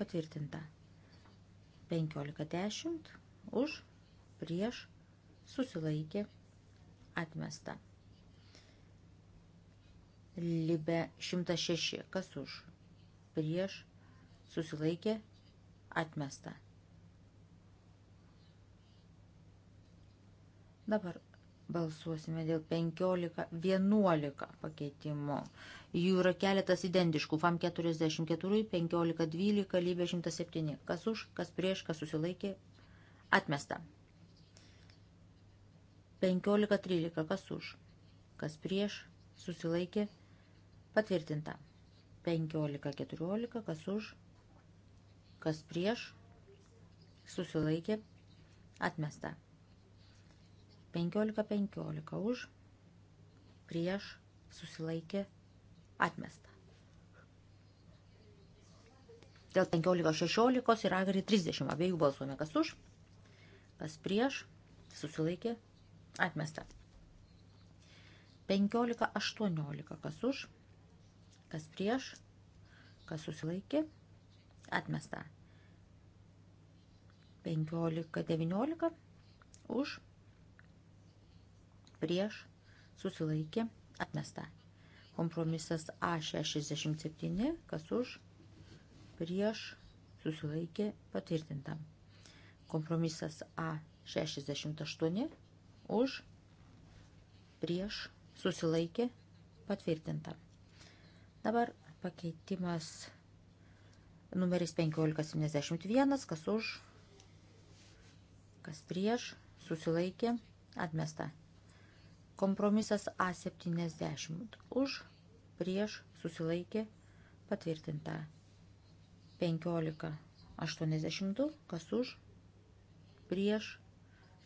Patvirtinta. 15.10. Už? Prieš? Susilaikė. Atmesta. Libe 106. Kas už? Prieš? Susilaikė. Atmesta. Dabar balsuosime dėl 15-11 pakeitimo. Jų yra keletas identiškų. FAM 44, 15-12, lybė 107. Kas už, kas prieš, kas susilaikė, atmesta. 15-13, kas už, kas prieš, susilaikė, patvirtinta. 15-14, kas už, kas prieš, susilaikė, atmesta. 15-15. 15-15 už, prieš, susilaikė, atmesta. Dėl 15-16 ir agri 30 abiejų balsuome kas už, kas prieš, susilaikė, atmesta. 15-18 kas už, kas prieš, kas susilaikė, atmesta. 15-19 už, prieš, susilaikė, atmesta. Kompromisas A67, kas už, prieš, susilaikė, patvirtinta. Kompromisas A68, už, prieš, susilaikė, patvirtinta. Dabar pakeitimas numeris 1571, kas už, kas prieš, susilaikė, atmesta. Kompromisas A70 už, prieš, susilaikė, patvirtinta. 1582, kas už, prieš,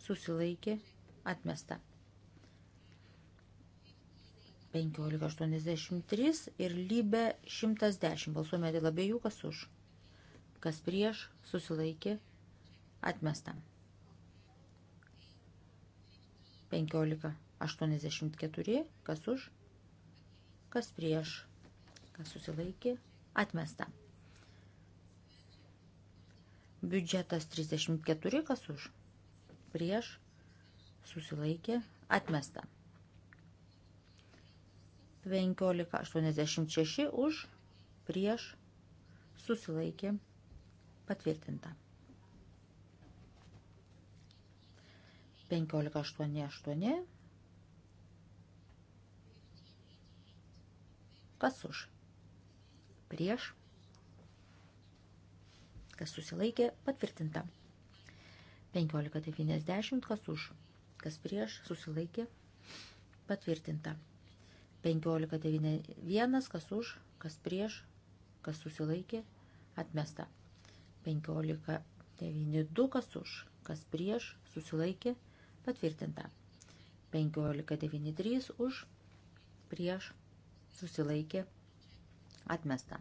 susilaikė, atmesta. 1583 ir lybė 110, balsuojame dėl abiejų, kas už, kas prieš, susilaikė, atmesta. 15. 84, kas už, kas prieš, kas susilaikė, atmesta. Biudžetas 34, kas už, prieš, susilaikė, atmesta. 1586 už, prieš, susilaikė, patvirtinta. 1588 Kas už? Prieš. Kas susilaikė? Patvirtinta. 15.90. Kas už? Kas prieš? Susilaikė? Patvirtinta. 15.91. Kas už? Kas prieš? Kas susilaikė? Atmesta. 15.92. Kas už? Kas prieš? Susilaikė? Patvirtinta. 15.93. Už? Prieš? susilaikė, atmesta.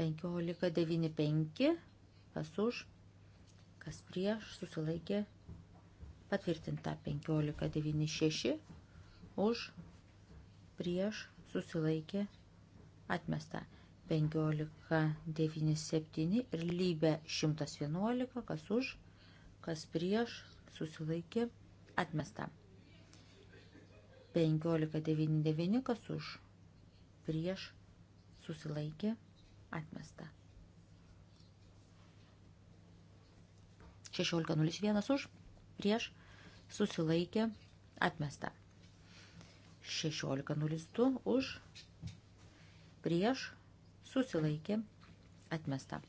15.95, kas už, kas prieš, susilaikė, patvirtinta. 15.96, už, prieš, susilaikė, atmesta. 15.97 ir lybė 111, kas už, kas prieš, susilaikė, atmesta. 15.98 1599 kas už, prieš, susilaikė, atmesta. 1601 už, prieš, susilaikė, atmesta. 1602 už, prieš, susilaikė, atmesta.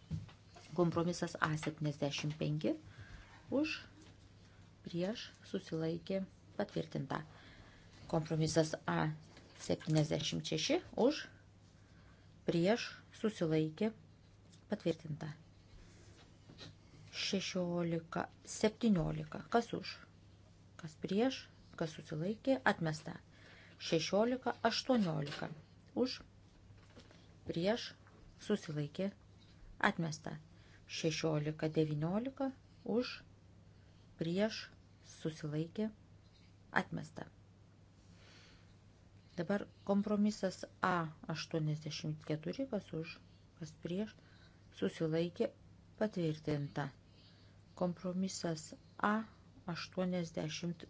Kompromisas A75 už, prieš, susilaikė, patvirtinta. Kompromisas A76 už, prieš, susilaikė, patvirtinta. 16, 17, kas už, kas prieš, kas susilaikė, atmesta. 16, 18, už, prieš, susilaikė, atmesta. 16, 19, už, prieš, susilaikė, atmesta. Dabar kompromisas A84, kas už, kas prieš, susilaikė patvirtinta. Kompromisas A85.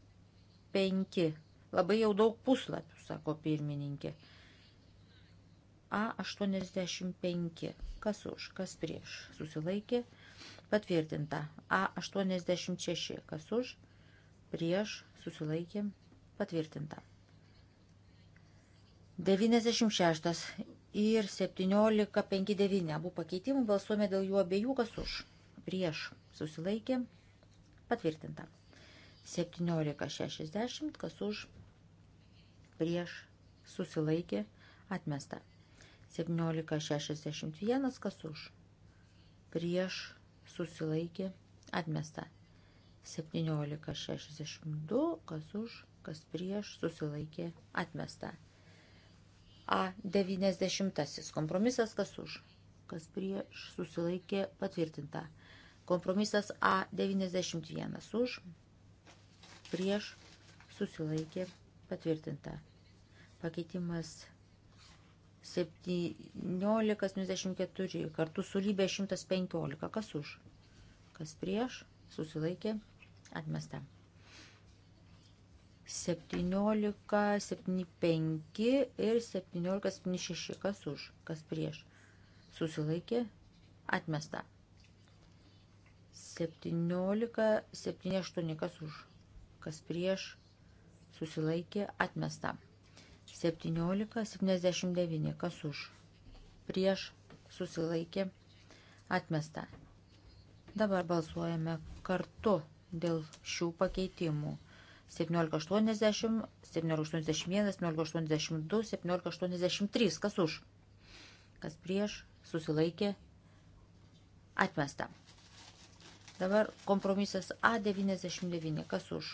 Labai jau daug puslapių, sako pirmininkė. A85. Kas už, kas prieš, susilaikė patvirtinta. A86. Kas už, prieš, susilaikė patvirtinta. 96 ir 1759. Abu pakeitimų balsuome dėl jų abiejų, kas už. Prieš susilaikė. Patvirtinta. 1760, kas už. Prieš susilaikė. Atmesta. 1761, kas už. Prieš susilaikė. Atmesta. 1762, kas už, kas prieš susilaikė. Atmesta. 1763. A90 kompromisas kas už, kas prieš susilaikė patvirtinta. Kompromisas A91 už, prieš susilaikė patvirtinta. Pakeitimas 17.94 kartu su lybė 115. Kas už? Kas prieš? Susilaikė. Atmesta. 17, 75 ir 17, 76, kas už, kas prieš. Susilaikė, atmesta. 17, 78, kas už, kas prieš. Susilaikė, atmesta. 17, 79, kas už, prieš. Susilaikė, atmesta. Dabar balsuojame kartu dėl šių pakeitimų. 1780, 1781, 1782, 1783. Kas už? Kas prieš? Susilaikė. Atmesta. Dabar kompromisas A99. Kas už?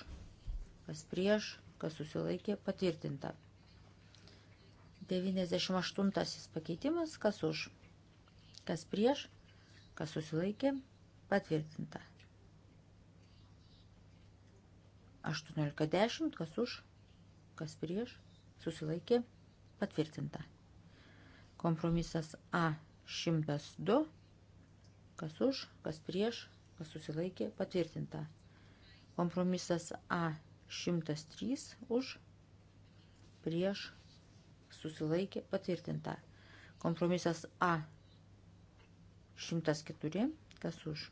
Kas prieš? Kas susilaikė? Patvirtinta. 98 pakeitimas. Kas už? Kas prieš? Kas susilaikė? Patvirtinta. 18.10, kas už, kas prieš, susilaikė, patvirtinta. Kompromisas A102, kas už, kas prieš, kas susilaikė, patvirtinta. Kompromisas A103 už, prieš, susilaikė, patvirtinta. Kompromisas A104, kas už,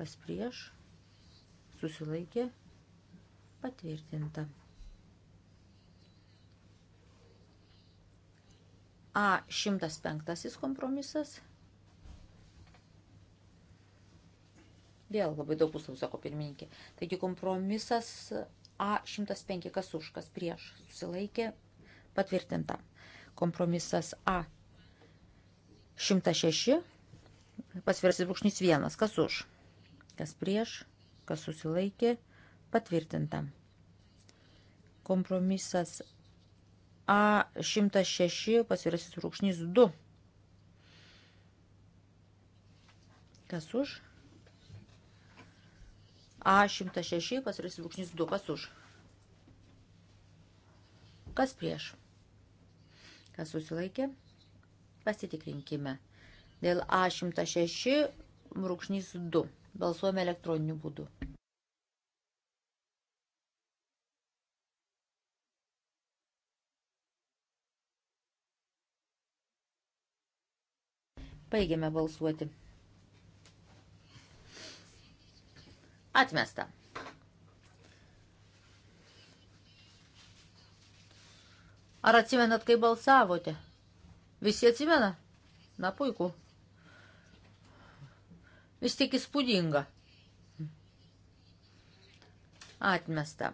kas prieš, susilaikė susilaikė patvirtinta. A105 kompromisas. Vėl labai daug puslapių, sako pirmininkė. Taigi kompromisas A105 kas už, kas prieš susilaikė patvirtinta. Kompromisas A106 pasvirsis brūkšnys 1 kas už, kas prieš kas susilaikė, patvirtinta. Kompromisas A106 pasvirasis rūkšnys 2. Kas už? A106 pasvirasis rūkšnys 2. Kas už? Kas prieš? Kas susilaikė? Pasitikrinkime. Dėl A106 rūkšnys 2. Balsuojame elektroniniu būdu. Baigiame balsuoti. Atmesta. Ar atsimenat, kai balsavote? Visi atsimena? Na, puiku vis tik įspūdinga. Atmesta.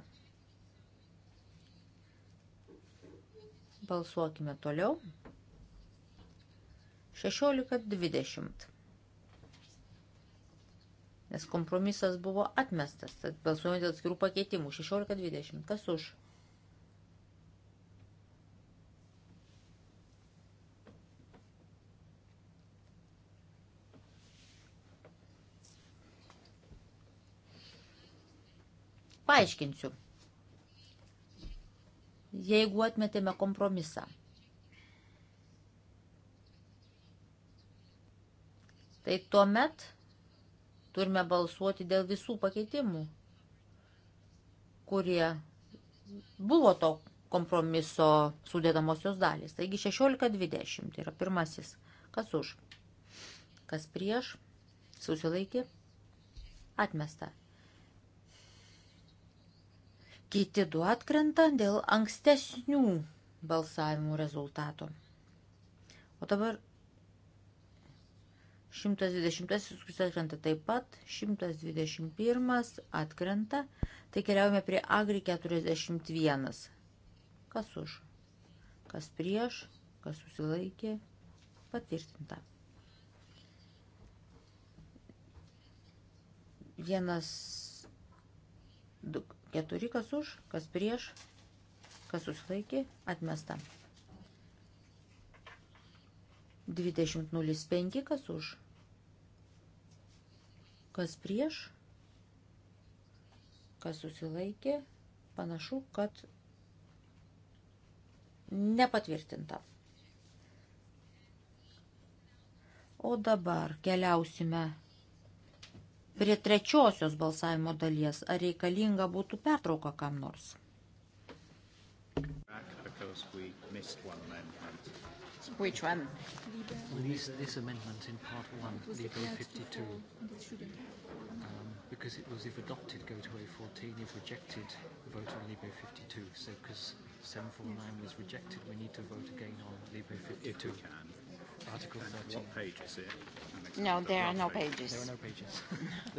Balsuokime toliau. 16.20. Nes kompromisas buvo atmestas, tad balsuojant atskirų pakeitimų. 16.20. Kas už? 16.20. Paaiškinsiu. Jeigu atmetėme kompromisą, tai tuomet turime balsuoti dėl visų pakeitimų, kurie buvo to kompromiso sudėdamosios dalys. Taigi 16.20 yra pirmasis. Kas už? Kas prieš? Susilaikė? Atmesta. Kiti du atkrenta dėl ankstesnių balsavimų rezultatų. O dabar 120 atkrenta taip pat, 121 atkrenta, tai keliaujame prie Agri 41. Kas už? Kas prieš? Kas susilaikė? Patvirtinta. Vienas, du, 4 kas už, kas prieš, kas susilaikė, atmesta. 20.05 kas už, kas prieš, kas susilaikė, panašu, kad nepatvirtinta. O dabar keliausime prie trečiosios balsavimo dalies, ar reikalinga būtų pertrauka kam nors. Which one? This, this amendment in part one, legal 52, um, because it was if adopted, go to A14, if rejected, vote on Libre 52. So because 749 was rejected, we need to vote again on Libre 52. If we can. Article 13. What page is it? No, there are no pages. There are no pages.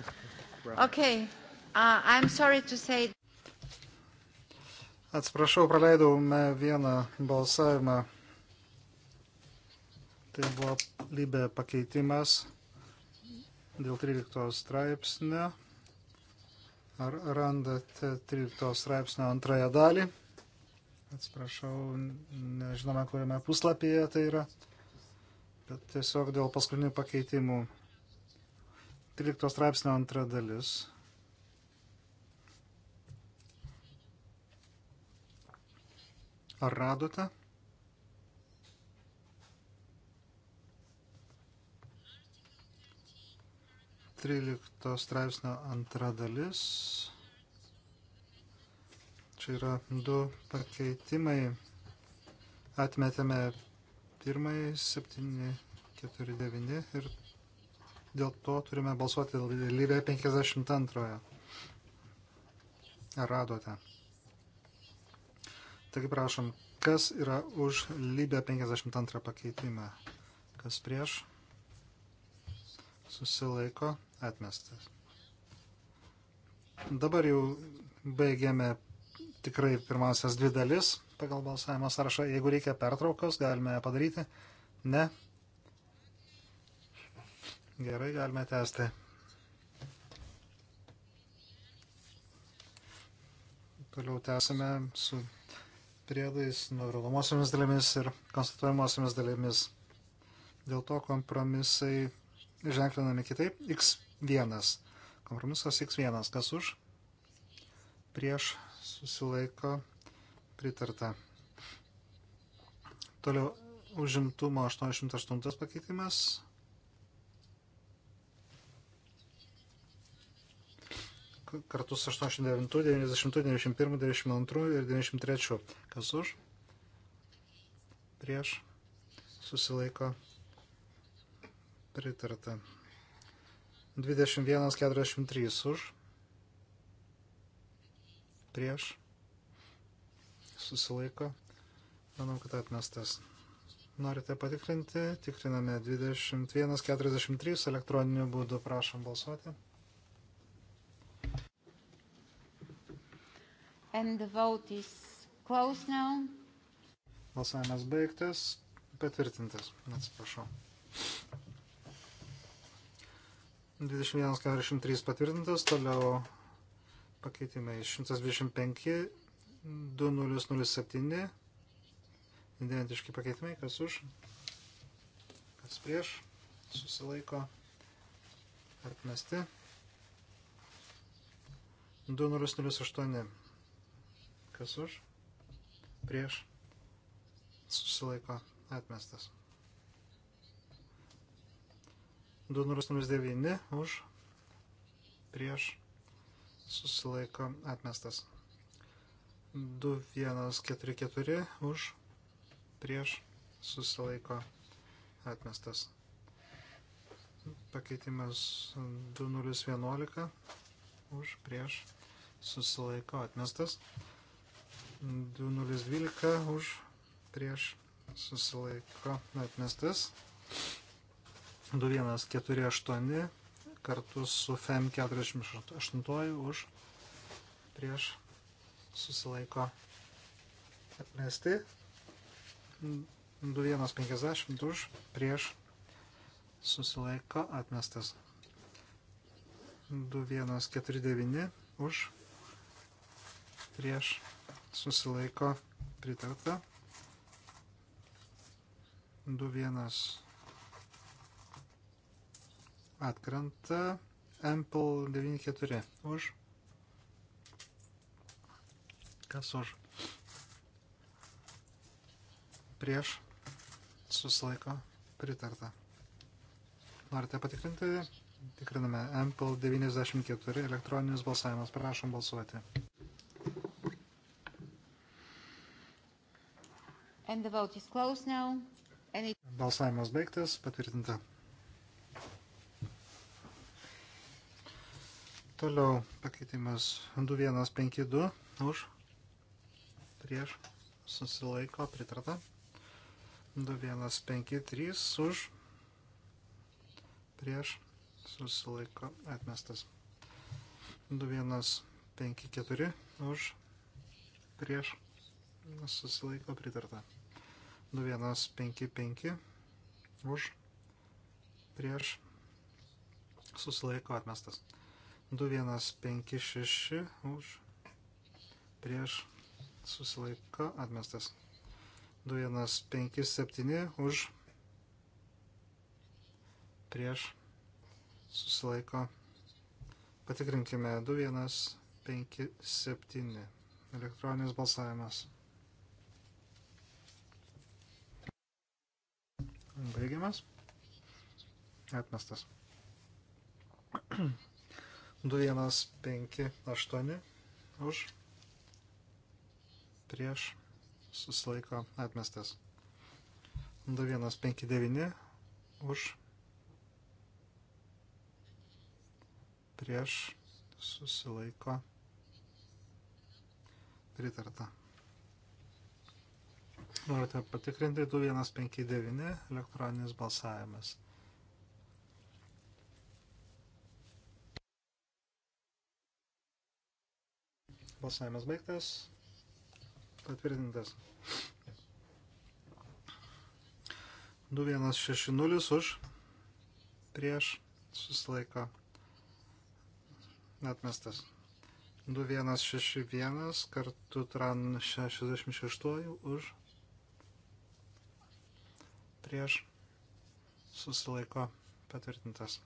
okay. Uh, I'm sorry to say. Atsiprašau, praleidau vieną balsavimą. Tai buvo lybė pakeitimas dėl 13 straipsnio. Ar randate 13 straipsnio antrąją dalį? Atsiprašau, nežinome, kuriame puslapyje tai yra tiesiog dėl paskutinių pakeitimų. 13 straipsnio antra dalis. Ar radote? Trylikto straipsnio antra dalis. Čia yra du pakeitimai. Atmetėme pirmąjį 749 ir dėl to turime balsuoti dėl lybė 52. Ar radote? Taigi prašom, kas yra už lybę 52 pakeitimą? Kas prieš? Susilaiko atmestas. Dabar jau baigėme tikrai pirmasias dvi dalis pagal balsavimo sąrašą. Jeigu reikia pertraukos, galime ją padaryti. Ne. Gerai, galime tęsti. Toliau tęsime su priedais, nurodomosiomis dalimis ir konstatuojamosiomis dalimis. Dėl to kompromisai ženklinami kitaip. X1. Kompromisas X1. Kas už? Prieš susilaiko pritarta. Toliau užimtumo 88 pakeitimas. Kartus 89, 90, 91, 92 ir 93. Kas už? Prieš. Susilaiko. Pritarta. 21, 43 už prieš, susilaiko, manau, kad atmestas. Norite patikrinti, tikriname 21.43 elektroniniu būdu, prašom balsuoti. And the vote is closed now. Balsavimas baigtas, patvirtintas, atsiprašau. 21.43 patvirtintas, toliau pakeitimai 125, 2007, identiški pakeitimai, kas už, kas prieš, susilaiko, atmesti. 2008, kas už, prieš, susilaiko, atmestas. 2009 už prieš susilaiko atmestas. 2144 už prieš susilaiko atmestas. Pakeitimas 2011 už prieš susilaiko atmestas. 2012 už prieš susilaiko atmestas. 2148 kartu su FEM 48 už prieš susilaiko atmesti 2150 už prieš susilaiko atmestas 2149 už prieš susilaiko pritarta 21 atkrenta. Ample 94 už. Kas už? Prieš susilaiko pritarta. Norite patikrinti? Tikriname Ample 94 elektroninis balsavimas. Prašom balsuoti. Balsavimas baigtas, patvirtinta. Toliau pakeitimas 2152 už prieš susilaiko pritarta. 2153 už prieš susilaiko atmestas. 2154 už prieš susilaiko pritarta. 2155 už prieš susilaiko atmestas. 2156 2156 už prieš susilaiko atmestas. 2157 už prieš susilaiko. Patikrinkime 2157 elektroninis balsavimas. Baigiamas. Atmestas. 2158 už prieš susilaiko atmestas. 2159 už prieš susilaiko pritarta. Norite patikrinti 2159 elektroninis balsavimas. Balsavimas baigtas. Patvirtintas. 2160 už. Prieš. Susilaiko. Atmestas. 2161 kartu tran 66 už. Prieš. Susilaiko. Patvirtintas.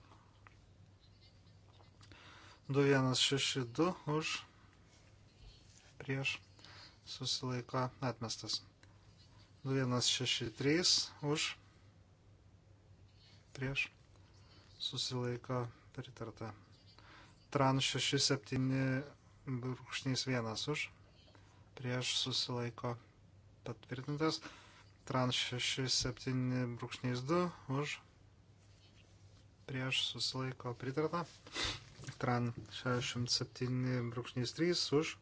2162 už prieš susilaiko atmestas. 2163 už prieš susilaiko pritarta. Tran 67 brūkšnys 1 už prieš susilaiko patvirtintas. Tran 67 brūkšnys 2 už prieš susilaiko pritarta. Tran 67 brūkšnys 3 už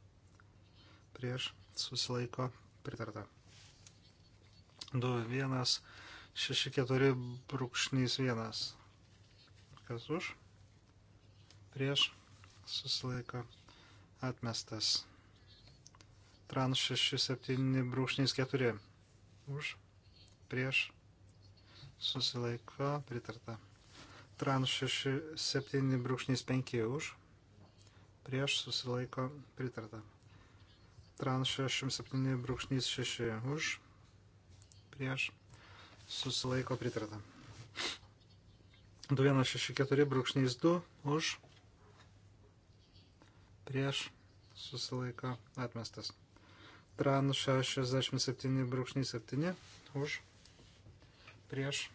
prieš susilaiko pritarta. 2, 1, 6, 4, brūkšnys 1. Kas už? Prieš susilaiko atmestas. Trans 6, 7, brūkšnys 4. Už? Prieš susilaiko pritarta. Trans 6, 7, brūkšnys 5 už. Prieš susilaiko pritarta. Trans 67.6 už, prieš, susilaiko pritarta. 2164.2 už, prieš, susilaiko atmestas. Trans 67.7 už, prieš,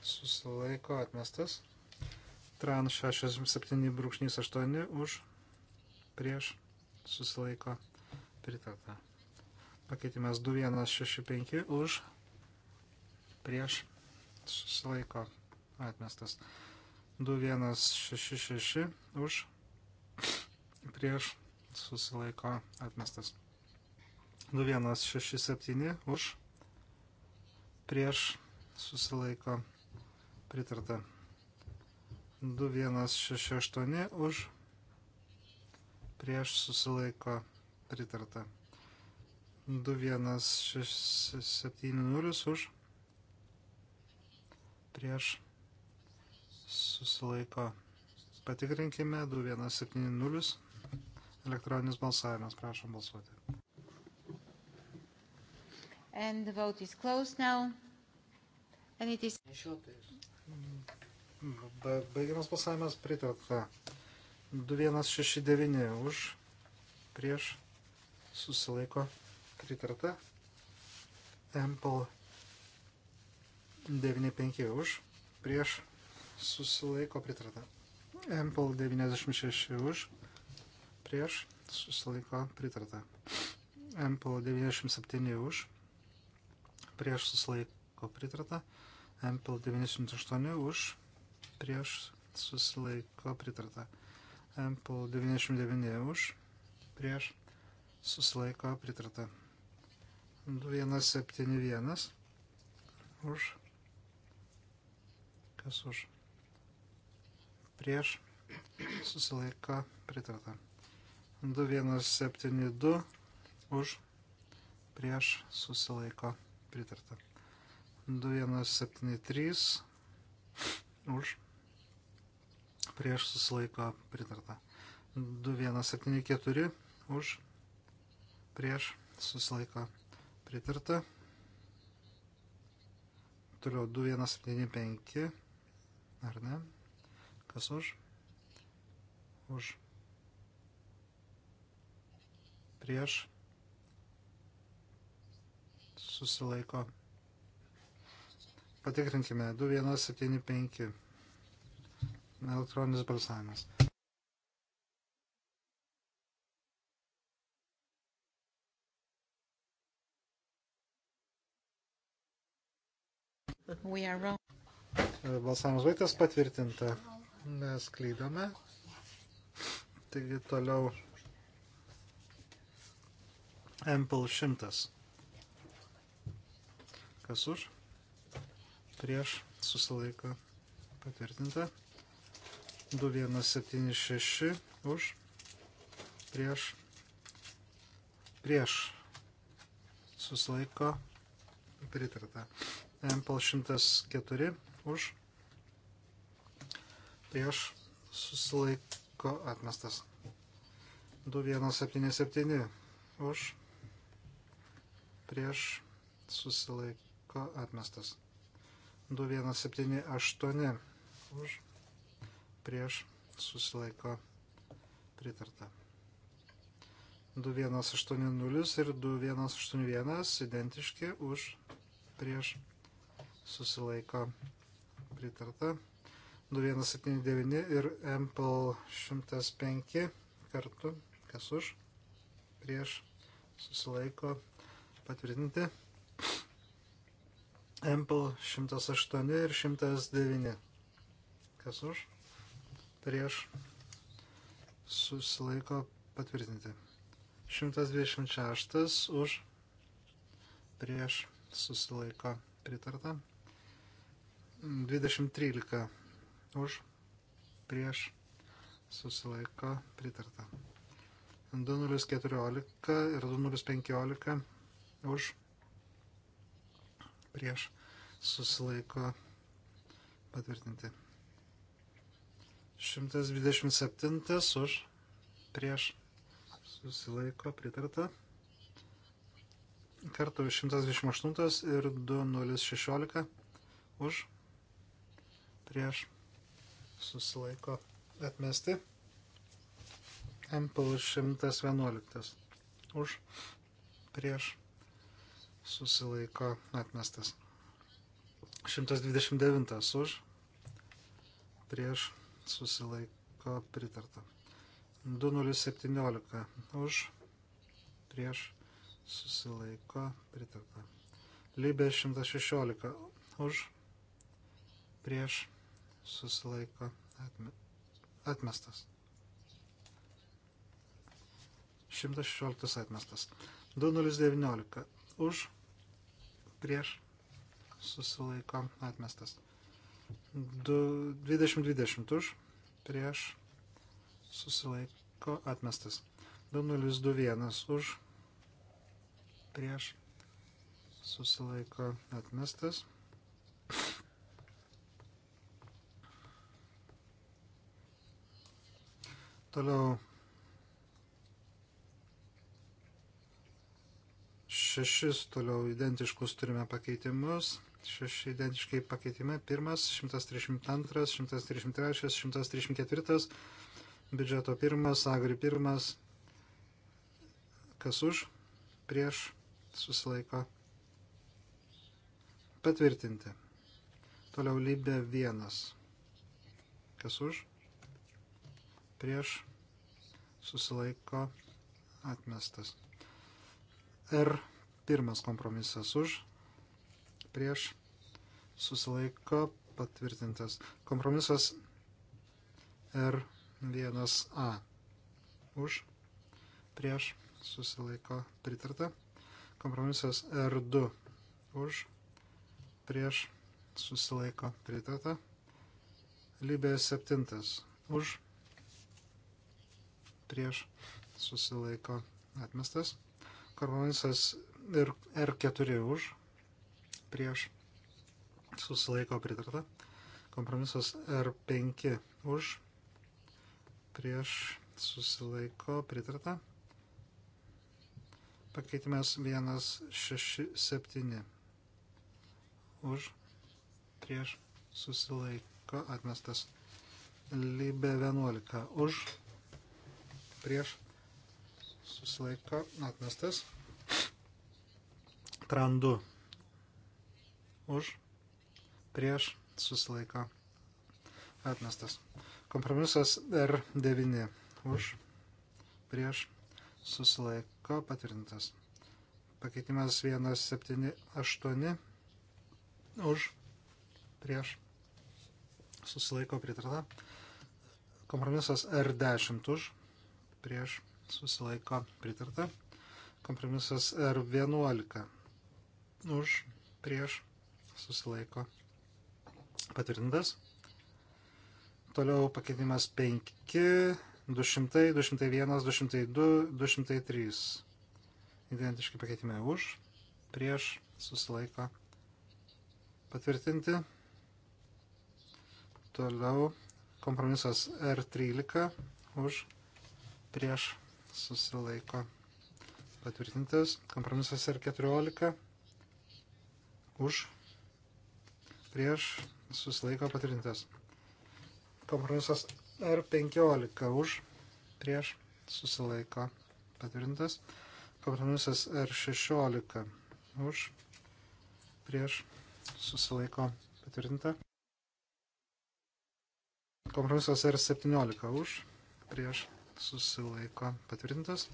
susilaiko atmestas. Trans 67.8 už, prieš, susilaiko atmestas susilaiko pritarta. Pakeitimas 2165 už, prieš, susilaiko, atmestas. 2166 už, prieš, susilaiko, atmestas. 2167 už, prieš, susilaiko, pritarta. 2168 už, prieš, susilaiko, atmestas prieš susilaiko pritarta. 21670 už prieš susilaiko. Patikrinkime 2170 elektroninis balsavimas. Prašom balsuoti. And the vote is closed now. And it is... Baigiamas balsavimas pritarta. 2169 už prieš susilaiko pritarta. Ample 95 už, prieš susilaiko pritarta. Ample 96 už, prieš susilaiko pritarta. Ample 97 už, prieš susilaiko pritarta. Ample 98 už, prieš susilaiko pritarta. Ample 99 už, prieš susilaiko pritarta. 2171 už, kas už, prieš, susilaiko pritarta. 2172 už, prieš, susilaiko pritarta. 2173 už, prieš, susilaiko pritarta. 2174 už, prieš susilaiko pritarta. Toliau 2175, ar ne? Kas už? Už. Prieš susilaiko. Patikrinkime 2175 elektroninis balsavimas. Balsavimas vaikas patvirtinta. Mes klydome. Taigi toliau Ample 100. Kas už? Prieš susilaiko patvirtinta. 2176 už. Prieš. Prieš susilaiko pritarta. Ample 104 už, prieš susilaiko atmestas. 2177 už, prieš susilaiko atmestas. 2178 už, prieš susilaiko pritarta. 2180 ir 2181 identiški už prieš susilaiko pritarta. 2179 ir MPL 105 kartu, kas už, prieš, susilaiko patvirtinti. MPL 108 ir 109, kas už, prieš, susilaiko patvirtinti. 126 už, prieš, susilaiko pritarta. 2013 už, prieš, susilaiko, pritarta. 2014 ir 2015 už, prieš, susilaiko, patvirtinti. 127 už, prieš, susilaiko, pritarta kartų 128 ir 2016 už prieš susilaiko atmesti. MPL 111 už prieš susilaiko atmestas. 129 už prieš susilaiko pritarta. 2017 už prieš susilaiko pritarta. Lybė 116 už prieš susilaiko atmestas. 116 atmestas. 2019 už, prieš, susilaiko atmestas. 2020 už, prieš, susilaiko atmestas. 2021 už, prieš, susilaiko atmestas. Toliau 6 toliau identiškus turime pakeitimus. 6 identiškai pakeitimai. Pirmas 132, 133, 134. Biudžeto pirmas, agri pirmas. Kas už? Prieš susilaiko. Patvirtinti. Toliau lybė vienas. Kas už? prieš susilaiko atmestas. R pirmas kompromisas už prieš susilaiko patvirtintas. Kompromisas R1A už prieš susilaiko pritarta. Kompromisas R2 už prieš susilaiko pritarta. Libė 7 už prieš susilaiko atmestas. Kompromisas ir R4 už prieš susilaiko pritarta. Kompromisas R5 už prieš susilaiko pritarta. Pakeitimas 167 už prieš susilaiko atmestas. Libė 11 už prieš susilaiko atmestas. Trandu už prieš susilaiko atmestas. Kompromisas R9 už prieš susilaiko patvirtintas. Pakeitimas 178 už prieš susilaiko pritarta. Kompromisas R10 už prieš susilaiko pritarta. Kompromisas R11 už prieš susilaiko patvirtintas. Toliau pakeitimas 5, 200, 201, 202, 203. Identiški pakeitimai už prieš susilaiko patvirtinti. Toliau kompromisas R13 už prieš susilaiko patvirtintas. Kompromisas R14 už prieš susilaiko patvirtintas. Kompromisas R15 už prieš susilaiko patvirtintas. Kompromisas R16 už prieš susilaiko patvirtinta. Kompromisas R17 už prieš susilaiko patvirtintas.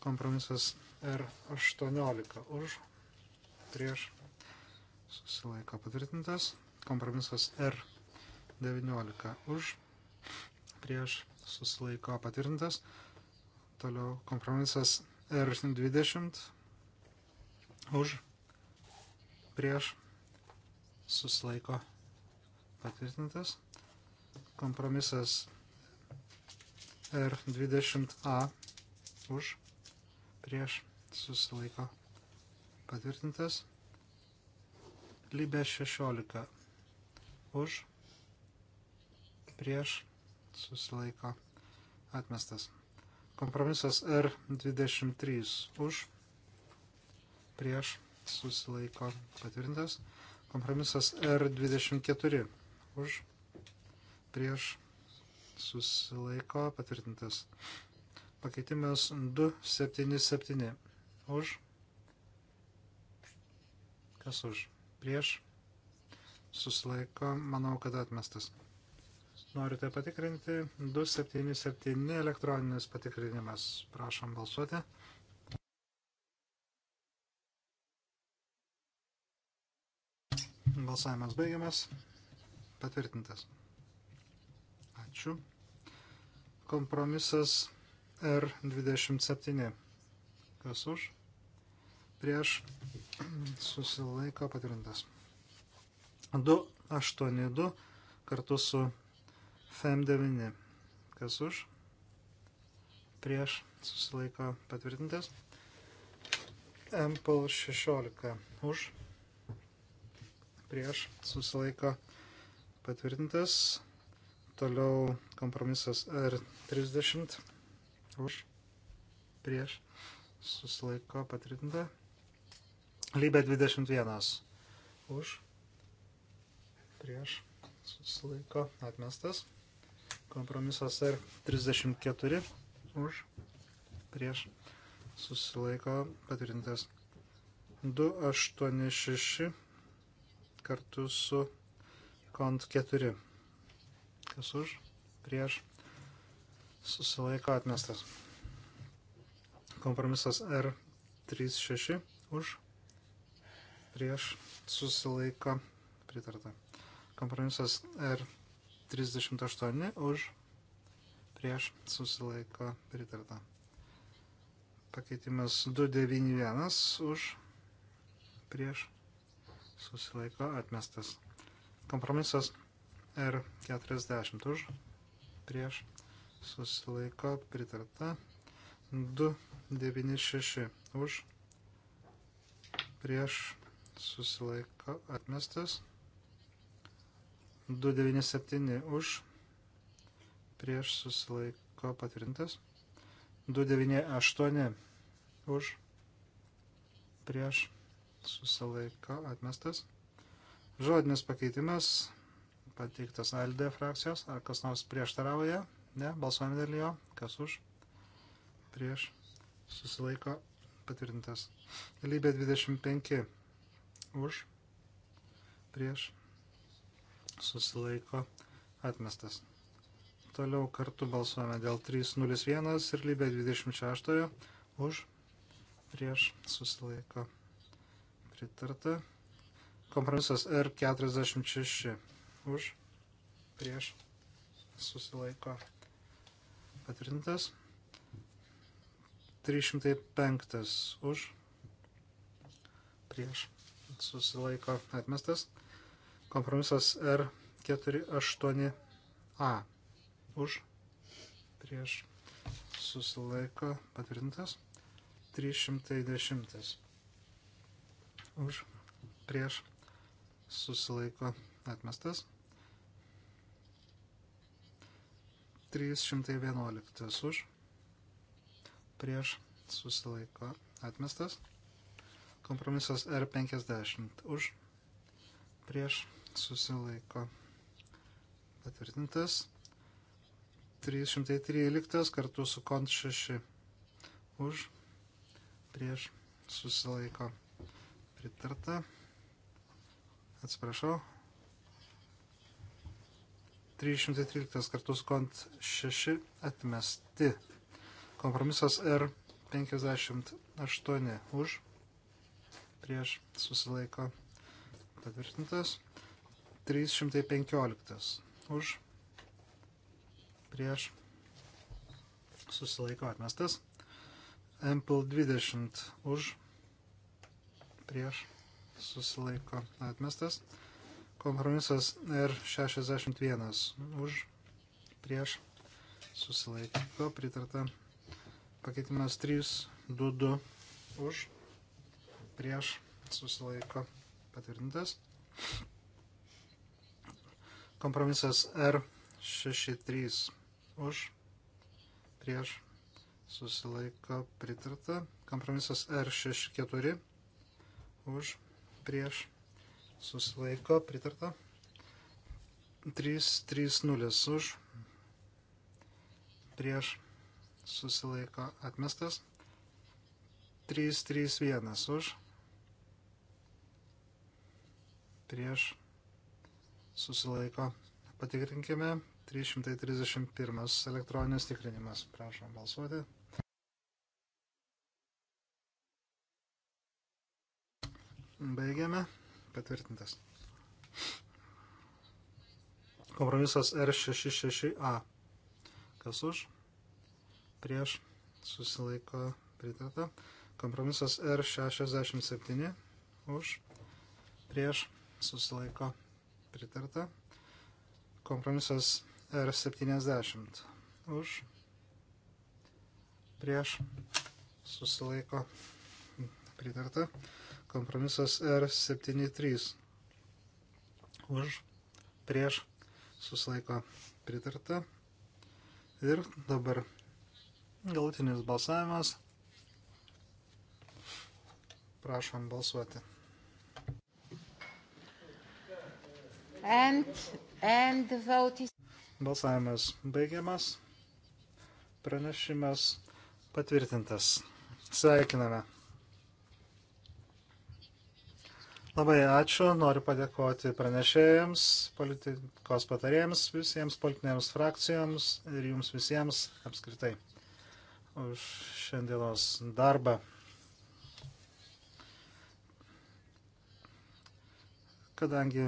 Kompromisas R18 už, prieš susilaiko patvirtintas. Kompromisas R19 už, prieš susilaiko patvirtintas. Toliau kompromisas R20 už, prieš susilaiko patvirtintas. Kompromisas R20A už prieš susilaiko patvirtintas. Libė 16 už prieš susilaiko atmestas. Kompromisas R23 už prieš susilaiko patvirtintas. Kompromisas R24 už prieš susilaiko patvirtintas. Pakeitimas 277 už. Kas už? Prieš. Susilaiko, manau, kad atmestas. Norite patikrinti 277 elektroninis patikrinimas. Prašom balsuoti. Balsavimas baigiamas. Patvirtintas. Ačiū. Kompromisas R27. Kas už? Prieš susilaiko patvirtintas. 282 kartu su FM9. Kas už? Prieš susilaiko patvirtintas. MPL 16 už prieš susilaiko patvirtintas Toliau kompromisas R30 už prieš susilaiko patvirtinta. Lybė 21 už prieš susilaiko atmestas. Kompromisas R34 už prieš susilaiko patvirtintas. 286 kartu su kont 4 kas už, prieš, susilaiko atmestas. Kompromisas R36 už, prieš, susilaiko pritarta. Kompromisas R38 už, prieš, susilaiko pritarta. Pakeitimas 291 už, prieš, susilaiko atmestas. Kompromisas R38 R40 už, prieš, susilaiko, pritarta. 296 už, prieš, susilaiko, atmestas. 297 už, prieš, susilaiko, patvirtintas. 298 už, prieš, susilaiko, atmestas. Žodinis pakeitimas pateiktas ALD frakcijos. Ar kas nors prieštarauja? Ne, balsuojame dėl jo. Kas už? Prieš. Susilaiko patvirtintas. Lybė 25. Už. Prieš. Susilaiko atmestas. Toliau kartu balsuojame dėl 301 ir lybė 26. Už. Prieš. Susilaiko pritarta. Kompromisas R46 už, prieš, susilaiko patvirtintas. 305 už, prieš, susilaiko atmestas. Kompromisas R48A už, prieš, susilaiko patvirtintas. 310 už, prieš, susilaiko atmestas. 311 už, prieš susilaiko atmestas. Kompromisas R50 už, prieš susilaiko patvirtintas. 313 kartu su kont 6 už, prieš susilaiko pritarta. Atsiprašau, 313 kartus kont 6 atmesti. Kompromisas R58 už prieš susilaiko patvirtintas. 315 už prieš susilaiko atmestas. Ample 20 už prieš susilaiko atmestas. Kompromisas R61 už prieš susilaiko pritarta. Pakeitimas 322 už prieš susilaiko patvirtintas. Kompromisas R63 už prieš susilaiko pritarta. Kompromisas R64 už prieš susilaiko pritarta. 3-3-0 už, prieš susilaiko atmestas. 3-3-1 už, prieš susilaiko. Patikrinkime. 331 elektroninis tikrinimas. Prašom balsuoti. Baigiame. Patvirtintas. Kompromisas R66A. Kas už? Prieš susilaiko pritarta. Kompromisas R67 už. Prieš susilaiko pritarta. Kompromisas R70 už. Prieš susilaiko pritarta. Kompromisas R73. Už, prieš, susilaiko pritarta. Ir dabar galutinis balsavimas. Prašom balsuoti. And, and the vote is... Balsavimas baigiamas. Pranešimas patvirtintas. Sveikiname. Labai ačiū, noriu padėkoti pranešėjams, politikos patarėjams, visiems politinėms frakcijoms ir jums visiems apskritai už šiandienos darbą. Kadangi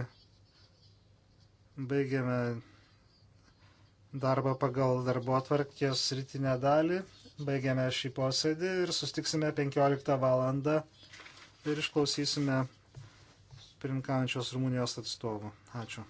baigėme darbą pagal darbo atvarkės rytinę dalį, baigėme šį posėdį ir sustiksime 15 valandą ir išklausysime pirmkaujančios Rumunijos atstovų. Ačiū.